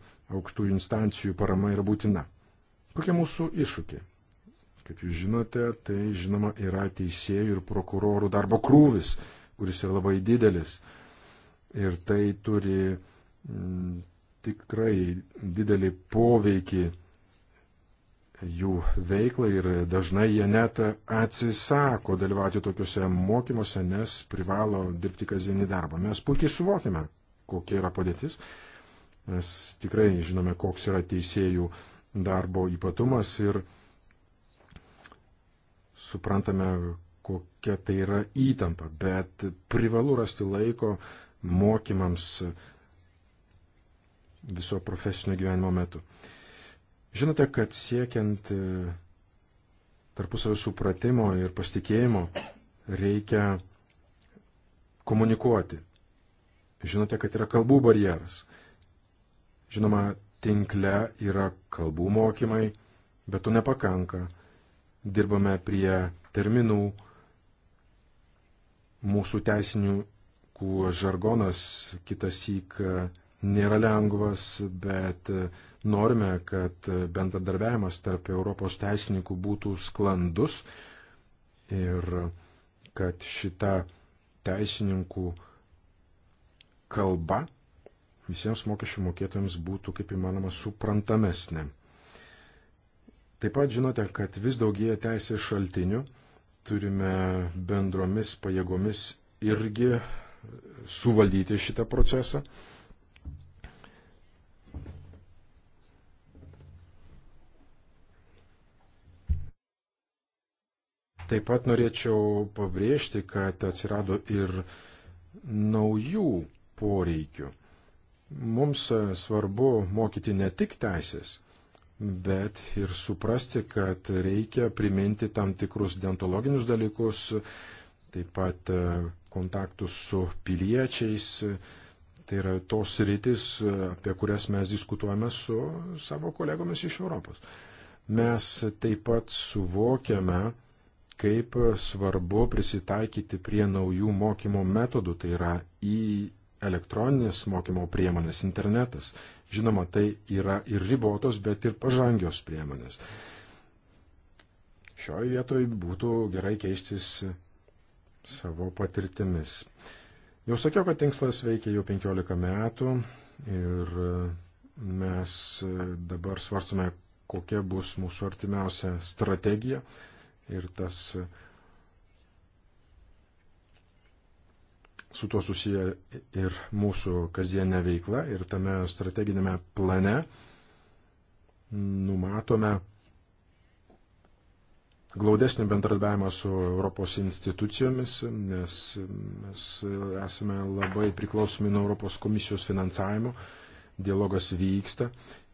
aukštų instancijų parama yra būtina. Kokie mūsų iššūkiai? Kaip jūs žinote, tai žinoma yra teisėjų ir prokurorų darbo krūvis, kuris yra labai didelis ir tai turi m, mm, tikrai didelį poveikį jų veiklai ir dažnai jie net atsisako dalyvauti tokiuose mokymuose, nes privalo dirbti kasdienį darbą. Mes puikiai suvokime, kokia yra padėtis. Mes tikrai žinome, koks yra teisėjų darbo ypatumas ir suprantame, kokia tai yra įtampa, bet privalu rasti laiko uh, mokymams viso profesinio gyvenimo metu. Žinote, kad siekiant e, tarpusavio supratimo ir pasitikėjimo reikia komunikuoti. Žinote, kad yra kalbų barjeras. Žinoma, tinkle yra kalbų mokymai, bet to nepakanka. Dirbame prie terminų, mūsų teisinių kuo žargonas kitas įk e, nėra lengvas, bet e, norime, kad e, bendradarbiavimas tarp Europos teisininkų būtų sklandus ir kad šita teisininkų kalba visiems mokesčių mokėtojams būtų kaip įmanoma suprantamesnė. Taip pat žinote, kad vis daugėja teisės šaltinių, turime bendromis pajėgomis irgi suvaldyti šitą procesą. Taip pat norėčiau pabrėžti, kad atsirado ir naujų poreikių. Mums svarbu mokyti ne tik teisės, bet ir suprasti, kad reikia priminti tam tikrus deontologinius dalykus, taip pat kontaktus su piliečiais. Tai yra tos rytis, apie kurias mes diskutuojame su savo kolegomis iš Europos. Mes taip pat suvokiame, kaip svarbu prisitaikyti prie naujų mokymo metodų, tai yra į elektroninės mokymo priemonės, internetas. Žinoma, tai yra ir ribotos, bet ir pažangios priemonės. Šioje vietoje būtų gerai keistis savo patirtimis. Jau sakiau, kad tinkslas veikia jau 15 metų ir mes dabar svarstume, kokia bus mūsų artimiausia strategija ir tas su tuo susiję ir mūsų kasdienė veikla ir tame strateginėme plane numatome glaudesnį bendradarbiavimą su Europos institucijomis, nes mes esame labai priklausomi nuo Europos komisijos finansavimo, dialogas vyksta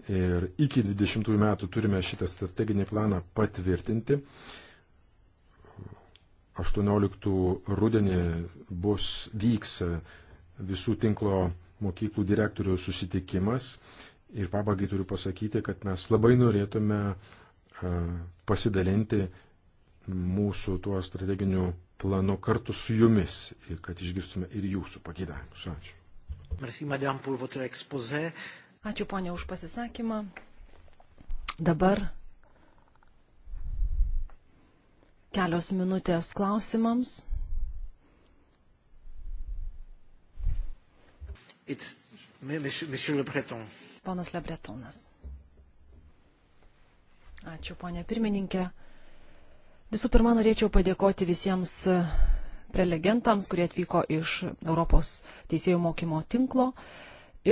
ir iki 20 metų turime šitą strateginį planą patvirtinti. 18 rudenį bus vyks visų tinklo mokyklų direktorių susitikimas ir pabaigai turiu pasakyti, kad mes labai norėtume pasidalinti mūsų tuo strateginiu planu kartu su jumis, kad išgirstume ir jūsų pagėdavimus. Ačiū. Merci, madame, pour votre exposé. Ačiū, ponia, už pasisakymą. Dabar kelios minutės klausimams. It's Monsieur Le Breton. Ponas Le Bretonas. Ačiū, ponė pirmininkė. Visų pirma, norėčiau padėkoti visiems e, prelegentams, kurie atvyko iš Europos teisėjų mokymo tinklo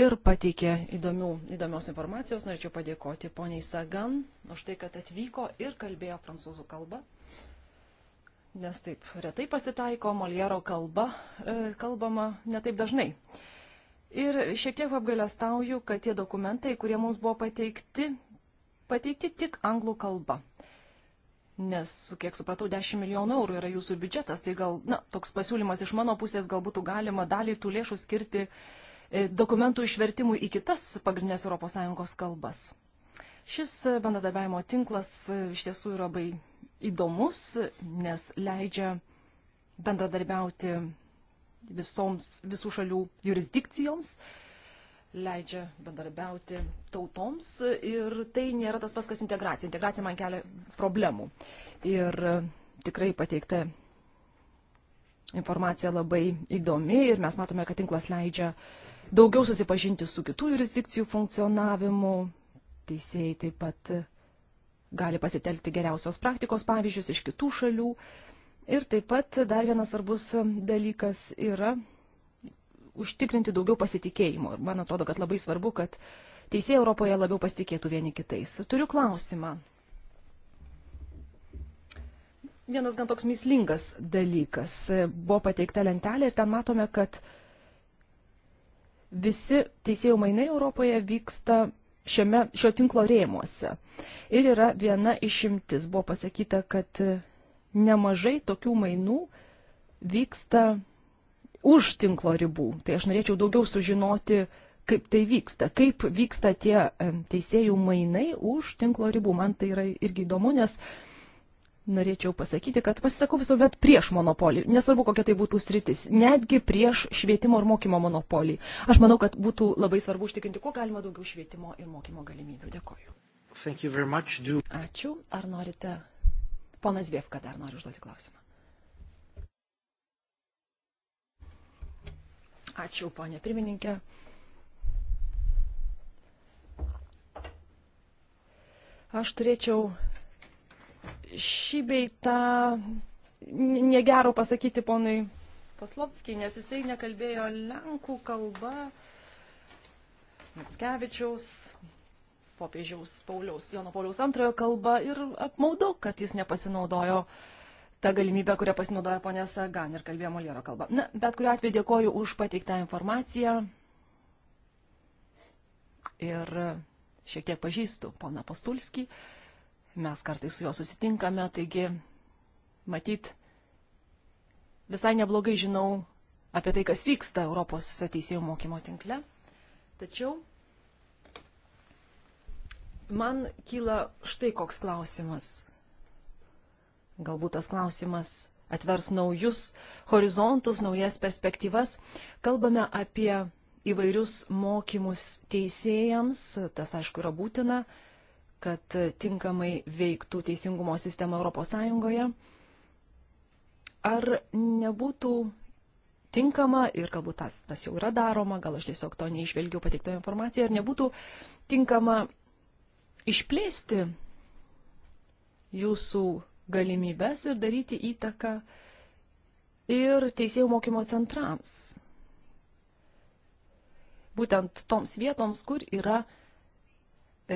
ir pateikė įdomių, įdomios informacijos. Norėčiau padėkoti poniai Sagan už tai, kad atvyko ir kalbėjo prancūzų kalbą. Nes taip retai pasitaiko, Moliero kalba e, kalbama netaip dažnai. Ir šiek tiek apgailestauju, kad tie dokumentai, kurie mums buvo pateikti, pateikti tik anglų kalba. Nes, kiek supratau, 10 milijonų eurų yra jūsų biudžetas, tai gal, na, toks pasiūlymas iš mano pusės gal būtų galima dalį tų lėšų skirti e, dokumentų išvertimui į kitas pagrindinės ES kalbas. Šis bendradarbiavimo tinklas e, iš tiesų yra labai įdomus, nes leidžia bendradarbiauti visoms, visų šalių jurisdikcijoms leidžia bendarbiauti tautoms ir tai nėra tas pats, kas integracija. Integracija man kelia problemų. Ir e, tikrai pateikta informacija labai įdomi ir mes matome, kad tinklas leidžia daugiau susipažinti su kitų jurisdikcijų funkcionavimu. Teisėjai taip pat gali pasitelkti geriausios praktikos pavyzdžius iš kitų šalių. Ir taip pat dar vienas svarbus dalykas yra užtikrinti daugiau pasitikėjimo. Ir man atrodo, kad labai svarbu, kad teisėjai Europoje labiau pasitikėtų vieni kitais. Turiu klausimą. Vienas gan toks mislingas dalykas. Buvo pateikta lentelė ir ten matome, kad visi teisėjų mainai Europoje vyksta šiame, šio tinklo rėmuose. Ir yra viena išimtis. Buvo pasakyta, kad nemažai tokių mainų vyksta už tinklo ribų. Tai aš norėčiau daugiau sužinoti, kaip tai vyksta, kaip vyksta tie teisėjų mainai už tinklo ribų. Man tai yra irgi įdomu, nes norėčiau pasakyti, kad pasisakau visuomet prieš monopolį, nesvarbu kokia tai būtų sritis, netgi prieš švietimo ir mokymo monopolį. Aš manau, kad būtų labai svarbu užtikrinti, kuo galima daugiau švietimo ir mokymo galimybių. Dėkoju. Do... Ačiū. Ar norite? Ponas Vievka dar nori užduoti klausimą. Ačiū, ponė pirmininkė. Aš turėčiau šį beitą negero pasakyti ponui Paslovskijai, nes jisai nekalbėjo lenkų kalba Matskevičiaus, popiežiaus Pauliaus, Jono Pauliaus antrojo kalba ir apmaudu, kad jis nepasinaudojo uh, ta galimybė, kurią pasinaudoja ponė Sagan ir kalbėjo Moliero kalba. Na, bet kuriuo atveju dėkoju už pateiktą informaciją ir šiek tiek pažįstu poną Postulskį, mes kartais su juo susitinkame, taigi matyt, visai neblogai žinau apie tai, kas vyksta Europos teisėjų mokymo tinkle. Tačiau man kyla štai koks klausimas. Galbūt tas klausimas atvers naujus horizontus, naujas perspektyvas. Kalbame apie įvairius mokymus teisėjams, tas aišku yra būtina, kad tinkamai veiktų teisingumo sistema ES. Ar nebūtų tinkama ir galbūt tas, tas jau yra daroma, gal aš tiesiog to neišvelgiau patiktoje informacijoje, ar nebūtų tinkama išplėsti jūsų galimybes ir daryti įtaką ir teisėjų mokymo centrams. Būtent toms vietoms, kur yra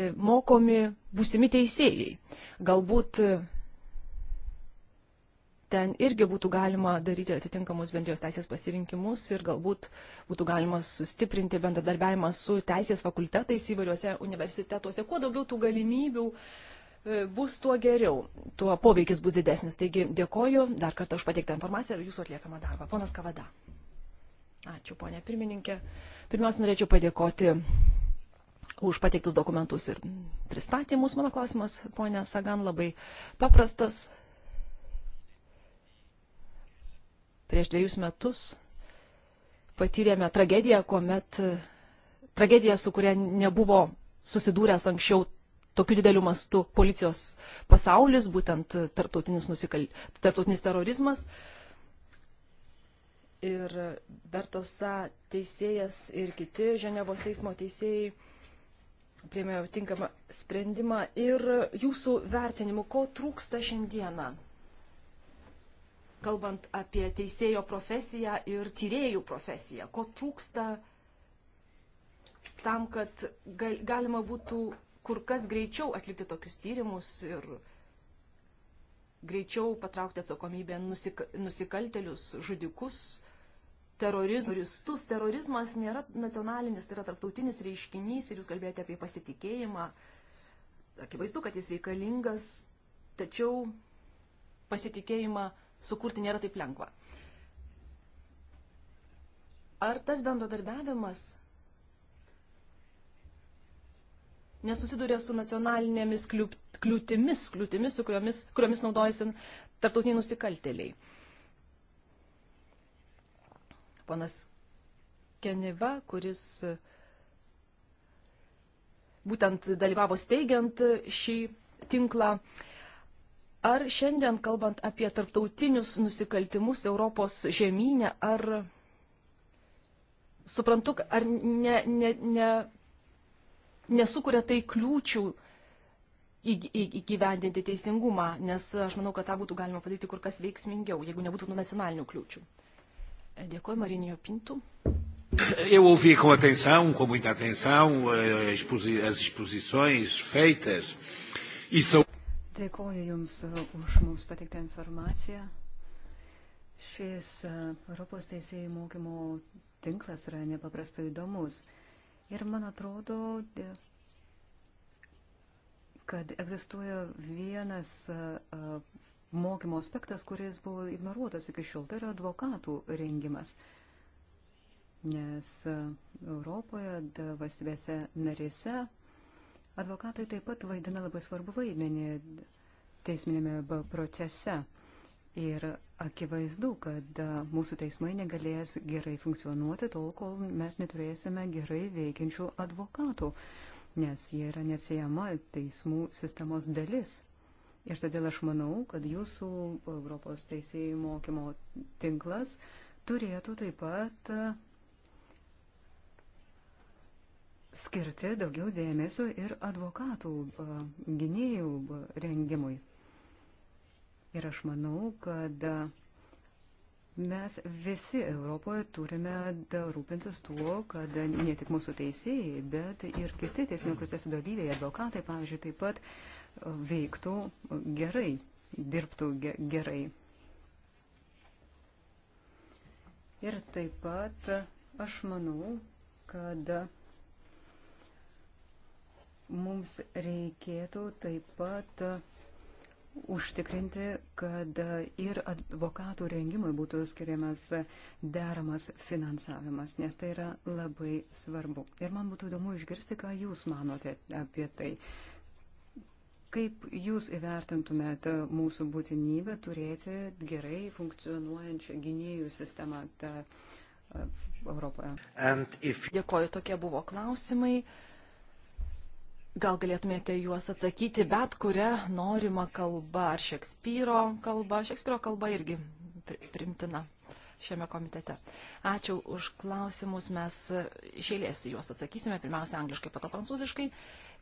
e, mokomi būsimi teisėjai. Galbūt e, ten irgi būtų galima daryti atitinkamus bendrijos teisės pasirinkimus ir galbūt būtų galima sustiprinti bendradarbiavimą su teisės fakultetais įvairiuose universitetuose. Kuo daugiau tų galimybių E, bus, tuo geriau, tuo poveikis bus didesnis. Taigi dėkoju dar kartą už pateiktą informaciją ir jūsų atliekamą darbą. Ponas Kavada. Ačiū, ponė pirmininkė. Pirmiausia, norėčiau padėkoti už pateiktus dokumentus ir pristatymus. Mano klausimas, ponė Sagan, labai paprastas. Prieš dviejus metus patyrėme tragediją, kuomet tragediją, su kuria nebuvo susidūręs anksčiau tokiu dideliu mastu policijos pasaulis, būtent tarptautinis, nusikal... tarptautinis terorizmas. Ir Bertosa teisėjas ir kiti Ženevos teismo teisėjai priėmė tinkamą sprendimą. Ir jūsų vertinimu, ko trūksta šiandieną, kalbant apie teisėjo profesiją ir tyriejų profesiją, ko trūksta tam, kad gal, galima būtų kur kas greičiau atlikti tokius tyrimus ir greičiau patraukti atsakomybę nusik nusikaltelius, žudikus, teroristus. Terorizmas nėra nacionalinis, tai yra tarptautinis reiškinys ir jūs kalbėjote apie pasitikėjimą. Akivaizdu, kad jis reikalingas, tačiau pasitikėjimą sukurti nėra taip lengva. Ar tas bendradarbiavimas nesusiduria su nacionalinėmis kliūtimis, kliūtimis, su kuriomis, kuriomis naudojasi tarptautiniai nusikaltėliai. Ponas Keniva, kuris būtent dalyvavo steigiant šį tinklą. Ar šiandien, kalbant apie tarptautinius nusikaltimus Europos žemynę, ar suprantu, ar ne, ne, ne nesukuria tai kliūčių įgyvendinti teisingumą, nes aš manau, kad tą būtų galima padaryti kur kas veiksmingiau, jeigu nebūtų nuo nacionalinių kliūčių. E, Dėkuoju, Marinio Pintų. Eu ouvi com atenção, com muita atenção, eh, as exposições feitas e são. Dėkuoju Jums už mums pateiktą informaciją. Šis eh, Europos teisėjų mokymo tinklas yra nepaprastai įdomus. Uh, Ir man atrodo, kad egzistuoja vienas mokymo aspektas, kuris buvo ignoruotas iki šiol, tai yra advokatų rengimas. Nes Europoje, valstybėse narėse, advokatai taip pat vaidina labai svarbu vaidmenį teisminėme procese. Ir akivaizdu, kad e, mūsų teismai negalės gerai funkcionuoti tol, kol mes neturėsime gerai veikiančių advokatų, nes jie yra neatsiejama teismų sistemos dalis. Ir todėl aš manau, kad jūsų Europos teisėjų mokymo tinklas turėtų taip pat e, skirti daugiau dėmesio ir advokatų e, gynėjų rengimui. Ir aš manau, kad mes visi Europoje turime rūpintis tuo, kad ne tik mūsų teisėjai, bet ir kiti teisinių procesų dalyviai, advokatai, pavyzdžiui, taip pat e, veiktų gerai, dirbtų gerai. Ir taip pat aš manau, kad mums reikėtų taip pat užtikrinti, kad ir advokatų rengimui būtų skiriamas deramas finansavimas, nes tai yra labai svarbu. Ir man būtų įdomu išgirsti, ką Jūs manote apie tai. Kaip Jūs įvertintumėte mūsų būtinybę turėti gerai funkcionuojančią gynėjų sistemą ta, Europoje? If... Dėkoju, tokie buvo klausimai. Uh, Gal galėtumėte juos atsakyti bet kurią norimą kalbą, ar Šekspyro kalbą. Šekspyro kalba irgi primtina šiame komitete. Ačiū už klausimus, mes išėlės juos atsakysime, pirmiausia angliškai, pato prancūziškai.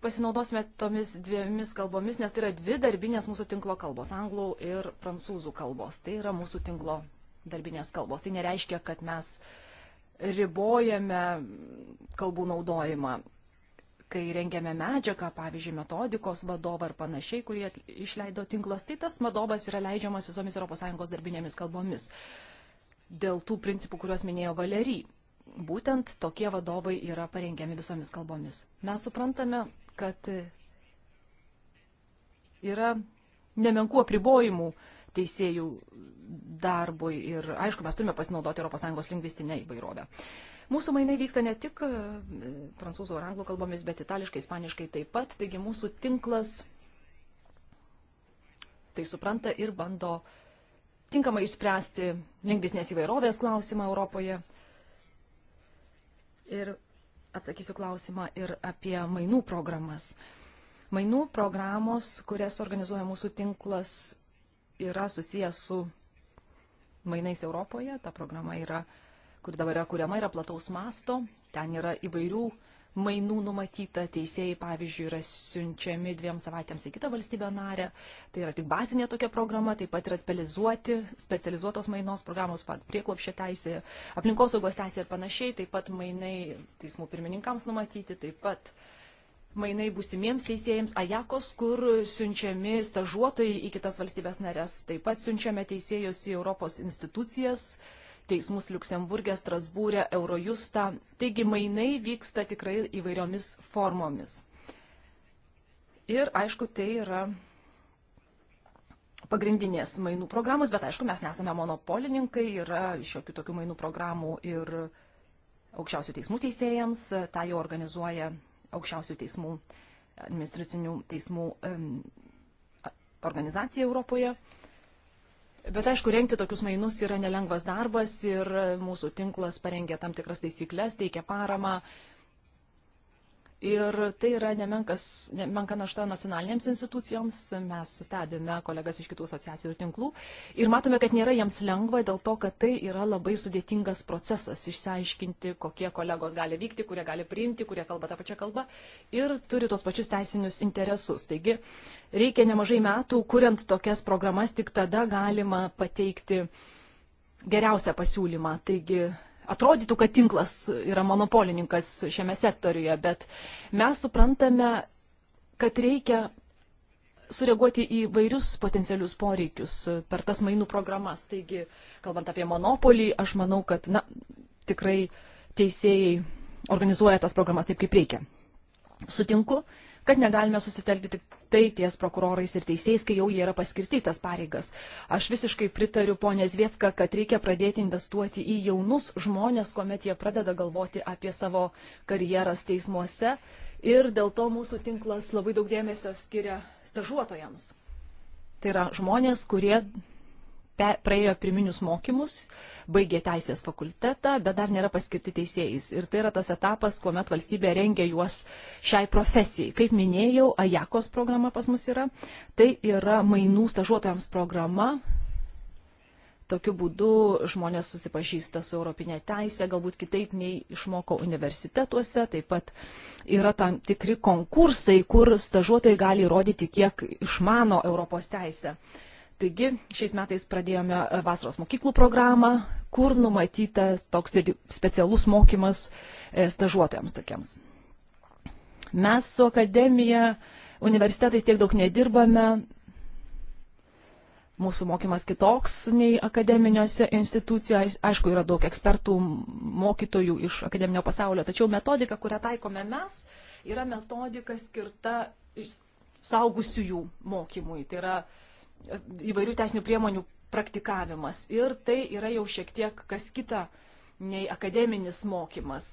Pasinaudosime tomis dviemis kalbomis, nes tai yra dvi darbinės mūsų tinklo kalbos - anglų ir prancūzų kalbos. Tai yra mūsų tinklo darbinės kalbos. Tai nereiškia, kad mes ribojame kalbų naudojimą kai rengiame medžiagą, pavyzdžiui, metodikos vadovą ir panašiai, kurį išleido tinklas, tai tas vadovas yra leidžiamas visomis ES darbinėmis kalbomis. Dėl tų principų, kuriuos minėjo Valery, būtent tokie vadovai yra parengiami visomis kalbomis. Mes suprantame, kad yra nemenkų apribojimų teisėjų darbui ir, aišku, mes turime pasinaudoti ES lingvistinę įvairovę. Mūsų mainai vyksta ne tik e, prancūzų ar anglų kalbomis, bet itališkai, ispaniškai taip pat. Taigi mūsų tinklas tai supranta ir bando tinkamai išspręsti lingvisnės įvairovės klausimą Europoje. Ir atsakysiu klausimą ir apie mainų programas. Mainų programos, kurias organizuoja mūsų tinklas, yra susijęs su mainais Europoje. Ta programa yra uh, kuri dabar yra kuriama, yra plataus masto, ten yra įvairių mainų numatyta, teisėjai, pavyzdžiui, yra siunčiami dviem savaitėms į kitą valstybę narę, tai yra tik bazinė tokia programa, taip pat yra specializuoti, specializuotos mainos programos, prieklopščio teisė, aplinkosaugos teisė ir panašiai, taip pat mainai teismų pirmininkams numatyti, taip pat mainai būsimiems teisėjams ajakos, kur siunčiami stažuotojai į kitas valstybės narės, taip pat siunčiame teisėjus į Europos institucijas, uh, teismus Luksemburgė, Strasbūrė, Eurojustą. Taigi mainai vyksta tikrai įvairiomis formomis. Ir aišku, tai yra pagrindinės mainų programos, bet aišku, mes nesame monopolininkai, yra šiokių tokių mainų programų ir aukščiausių teismų teisėjams, tą jau organizuoja aukščiausių teismų, administracinių teismų organizacija Europoje. Bet aišku, rengti tokius mainus yra nelengvas darbas ir mūsų tinklas parengė tam tikras taisyklės, teikia paramą Ir tai yra nemenkas, nemenka našta nacionalinėms institucijoms. Mes stebime kolegas iš kitų asociacijų ir tinklų ir matome, kad nėra jiems lengva dėl to, kad tai yra labai sudėtingas procesas išsiaiškinti, kokie kolegos gali vykti, kurie gali priimti, kurie kalba tą pačią kalbą ir turi tos pačius teisinius interesus. Taigi reikia nemažai metų, kuriant tokias programas, tik tada galima pateikti geriausią pasiūlymą. Taigi atrodytų, kad tinklas yra monopolininkas šiame sektoriuje, bet mes suprantame, kad reikia sureaguoti į vairius potencialius poreikius per tas mainų programas. Taigi, kalbant apie monopolį, aš manau, kad na, tikrai teisėjai organizuoja tas programas taip, kaip reikia. Sutinku, kad negalime susitelkti tik tai ties prokurorais ir teisėjais, kai jau jie yra paskirti tas pareigas. Aš visiškai pritariu ponė Zviefka, kad reikia pradėti investuoti į jaunus žmonės, kuomet jie pradeda galvoti apie savo karjeras teismuose. Ir dėl to mūsų tinklas labai daug dėmesio skiria stažuotojams. Tai yra žmonės, kurie praėjo pirminius mokymus, baigė teisės fakultetą, bet dar nėra paskirti teisėjais. Ir tai yra tas etapas, kuomet valstybė rengia juos šiai profesijai. Kaip minėjau, Ajakos programa pas mus yra. Tai yra mainų stažuotojams programa, Tokiu būdu žmonės susipažįsta su europinė teisė, galbūt kitaip nei išmoko universitetuose. Taip pat yra tam tikri konkursai, kur stažuotojai gali įrodyti, kiek išmano Europos teisę. Taigi, šiais metais pradėjome e, vasaros mokyklų programą, kur numatyta toks specialus mokymas e, stažuotojams tokiems. Mes su akademija, universitetais tiek daug nedirbame, mūsų mokymas kitoks nei akademiniuose institucijose. Aišku, yra daug ekspertų, mokytojų iš akademinio pasaulio, tačiau metodika, kurią taikome mes, yra metodika skirta saugusiųjų mokymui. Tai yra įvairių teisinių priemonių praktikavimas. Ir tai yra jau šiek tiek kas kita nei akademinis mokymas.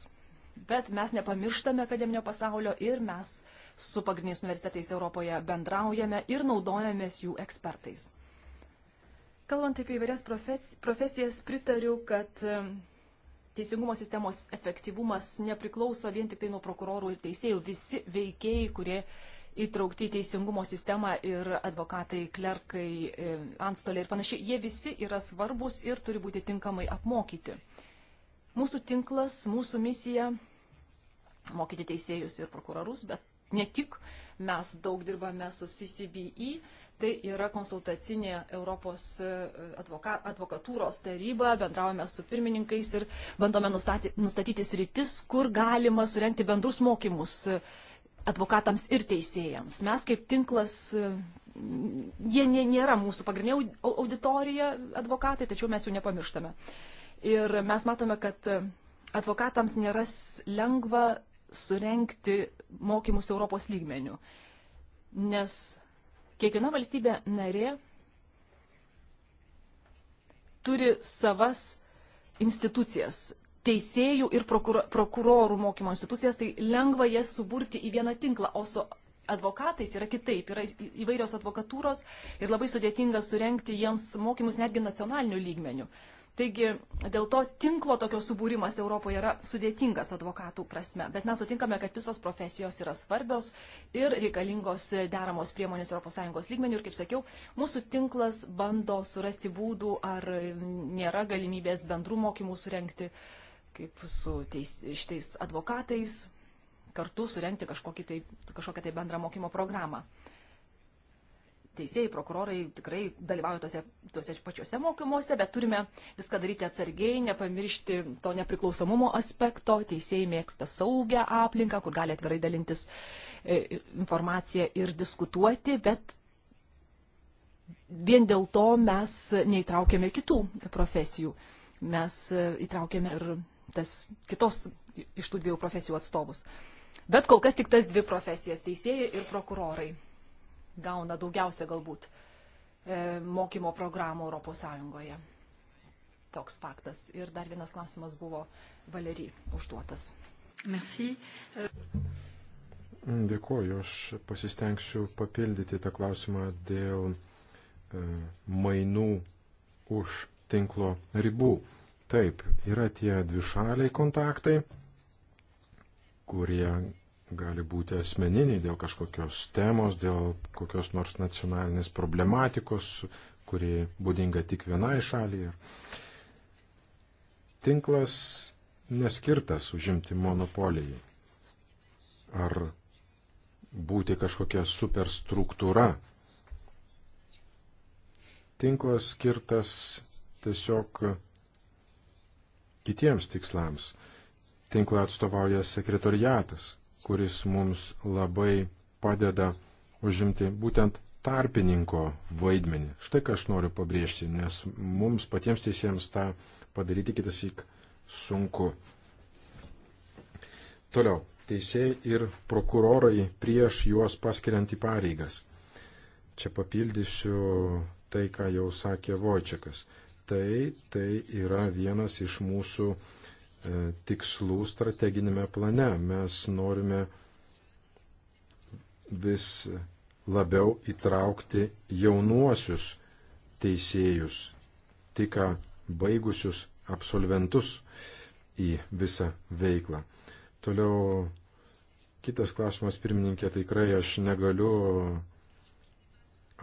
Bet mes nepamirštame akademinio pasaulio ir mes su pagrindiniais universitetais Europoje bendraujame ir naudojamės jų ekspertais. Kalbant apie įvairias profesijas, pritariu, kad um, teisingumo sistemos efektyvumas nepriklauso vien tik tai nuo prokurorų ir teisėjų. Visi veikėjai, kurie įtraukti į teisingumo sistemą ir advokatai, klerkai, e, antstoliai ir panašiai. Jie visi yra svarbus ir turi būti tinkamai apmokyti. Mūsų tinklas, mūsų misija - mokyti teisėjus ir prokurorus, bet ne tik. Mes daug dirbame su CCBI, e. tai yra konsultacinė Europos e, advoka, advokatūros taryba, bendraujame su pirmininkais ir bandome nustatyti, nustatyti sritis, kur galima surenkti bendrus mokymus advokatams ir teisėjams. Mes kaip tinklas, jie nėra mūsų pagrindinė auditorija advokatai, tačiau mes jų nepamirštame. Ir mes matome, kad advokatams nėra lengva surenkti mokymus Europos lygmenių, nes kiekviena valstybė narė turi savas institucijas, teisėjų ir prokur prokurorų mokymo institucijas, tai lengva jas suburti į vieną tinklą, o su advokatais yra kitaip, yra įvairios advokatūros ir labai sudėtinga surenkti jiems mokymus netgi nacionaliniu lygmeniu. Taigi dėl to tinklo tokio subūrimas Europoje yra sudėtingas advokatų prasme, bet mes sutinkame, kad visos profesijos yra svarbios ir reikalingos deramos priemonės ES lygmenių ir, kaip sakiau, mūsų tinklas bando surasti būdų, ar nėra galimybės bendrų mokymų surenkti. Uh, kaip su teis, šitais advokatais kartu surenkti tai, kažkokią tai bendrą mokymo programą. Teisėjai, prokurorai tikrai dalyvauja tose, tose pačiuose mokymuose, bet turime viską daryti atsargiai, nepamiršti to nepriklausomumo aspekto. Teisėjai mėgsta saugią aplinką, kur gali atvirai dalintis e, informaciją ir diskutuoti, bet vien dėl to mes neįtraukėme kitų profesijų. Mes e, įtraukėme ir tas kitos iš tų dviejų profesijų atstovus. Bet kol kas tik tas dvi profesijas - teisėjai ir prokurorai gauna daugiausia galbūt e, mokymo programų ES. Toks faktas. Ir dar vienas klausimas buvo Valerijai užduotas. Merci. E, dėkuoju, aš pasistengsiu papildyti tą klausimą dėl e, mainų už tinklo ribų. Taip, yra tie dvišaliai kontaktai, kurie gali būti asmeniniai dėl kažkokios temos, dėl kokios nors nacionalinės problematikos, kuri būdinga tik vienai šaliai. Tinklas neskirtas užimti monopolijai ar būti kažkokia superstruktūra. Tinklas skirtas tiesiog kitiems tikslams. Tinklą atstovauja sekretoriatas, kuris mums labai padeda užimti būtent tarpininko vaidmenį. Štai ką aš noriu pabrėžti, nes mums patiems teisėjams tą padaryti kitas įk sunku. Toliau, teisėjai ir prokurorai prieš juos paskiriant į pareigas. Čia papildysiu tai, ką jau sakė Vojčiakas tai tai yra vienas iš mūsų e, tikslų strateginėme plane. Mes norime vis labiau įtraukti jaunuosius teisėjus, tik baigusius absolventus į visą veiklą. Toliau kitas klausimas, pirmininkė, tikrai aš negaliu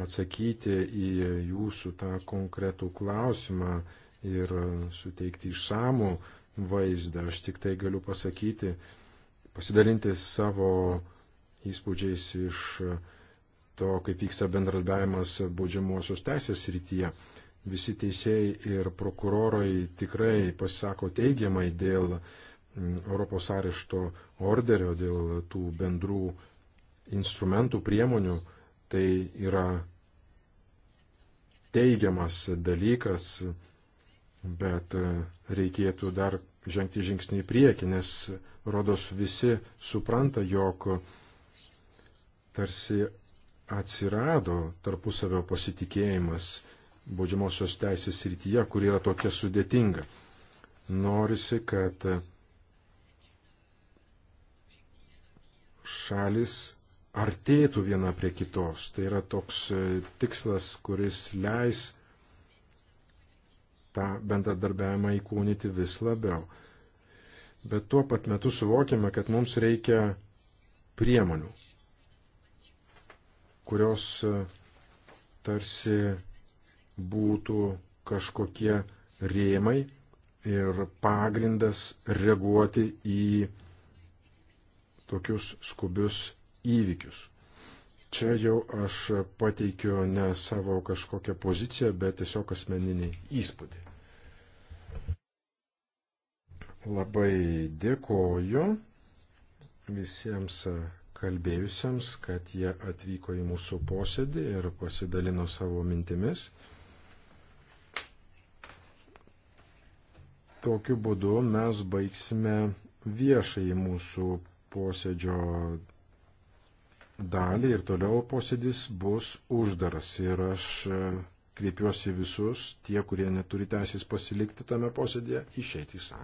atsakyti į jūsų tą konkretų klausimą ir suteikti išsamų vaizdą. Aš tik tai galiu pasakyti, pasidalinti savo įspūdžiais iš to, kaip vyksta bendradarbiavimas baudžiamosios teisės rytyje. Visi teisėjai ir prokurorai tikrai pasisako teigiamai dėl mm, Europos arešto orderio, dėl tų bendrų instrumentų, priemonių, Tai yra teigiamas dalykas, bet reikėtų dar žengti žingsnį į priekį, nes rodos visi supranta, jog tarsi atsirado tarpusavio pasitikėjimas baudžiamosios teisės rytyje, kur yra tokia sudėtinga. Norisi, kad šalis artėtų viena prie kitos. Tai yra toks e, tikslas, kuris leis tą bendradarbiavimą įkūnyti vis labiau. Bet tuo pat metu suvokiame, kad mums reikia priemonių, kurios e, tarsi būtų kažkokie rėmai ir pagrindas reaguoti į tokius skubius įvykius. Čia jau aš pateikiu ne savo kažkokią poziciją, bet tiesiog asmeninį įspūdį. Labai dėkoju visiems kalbėjusiems, kad jie atvyko į mūsų posėdį ir pasidalino savo mintimis. Tokiu būdu mes baigsime viešai mūsų posėdžio dalį ir toliau posėdis bus uždaras. Ir aš e, kreipiuosi visus, tie, kurie neturi teisės pasilikti tame posėdėje, išeiti į salę.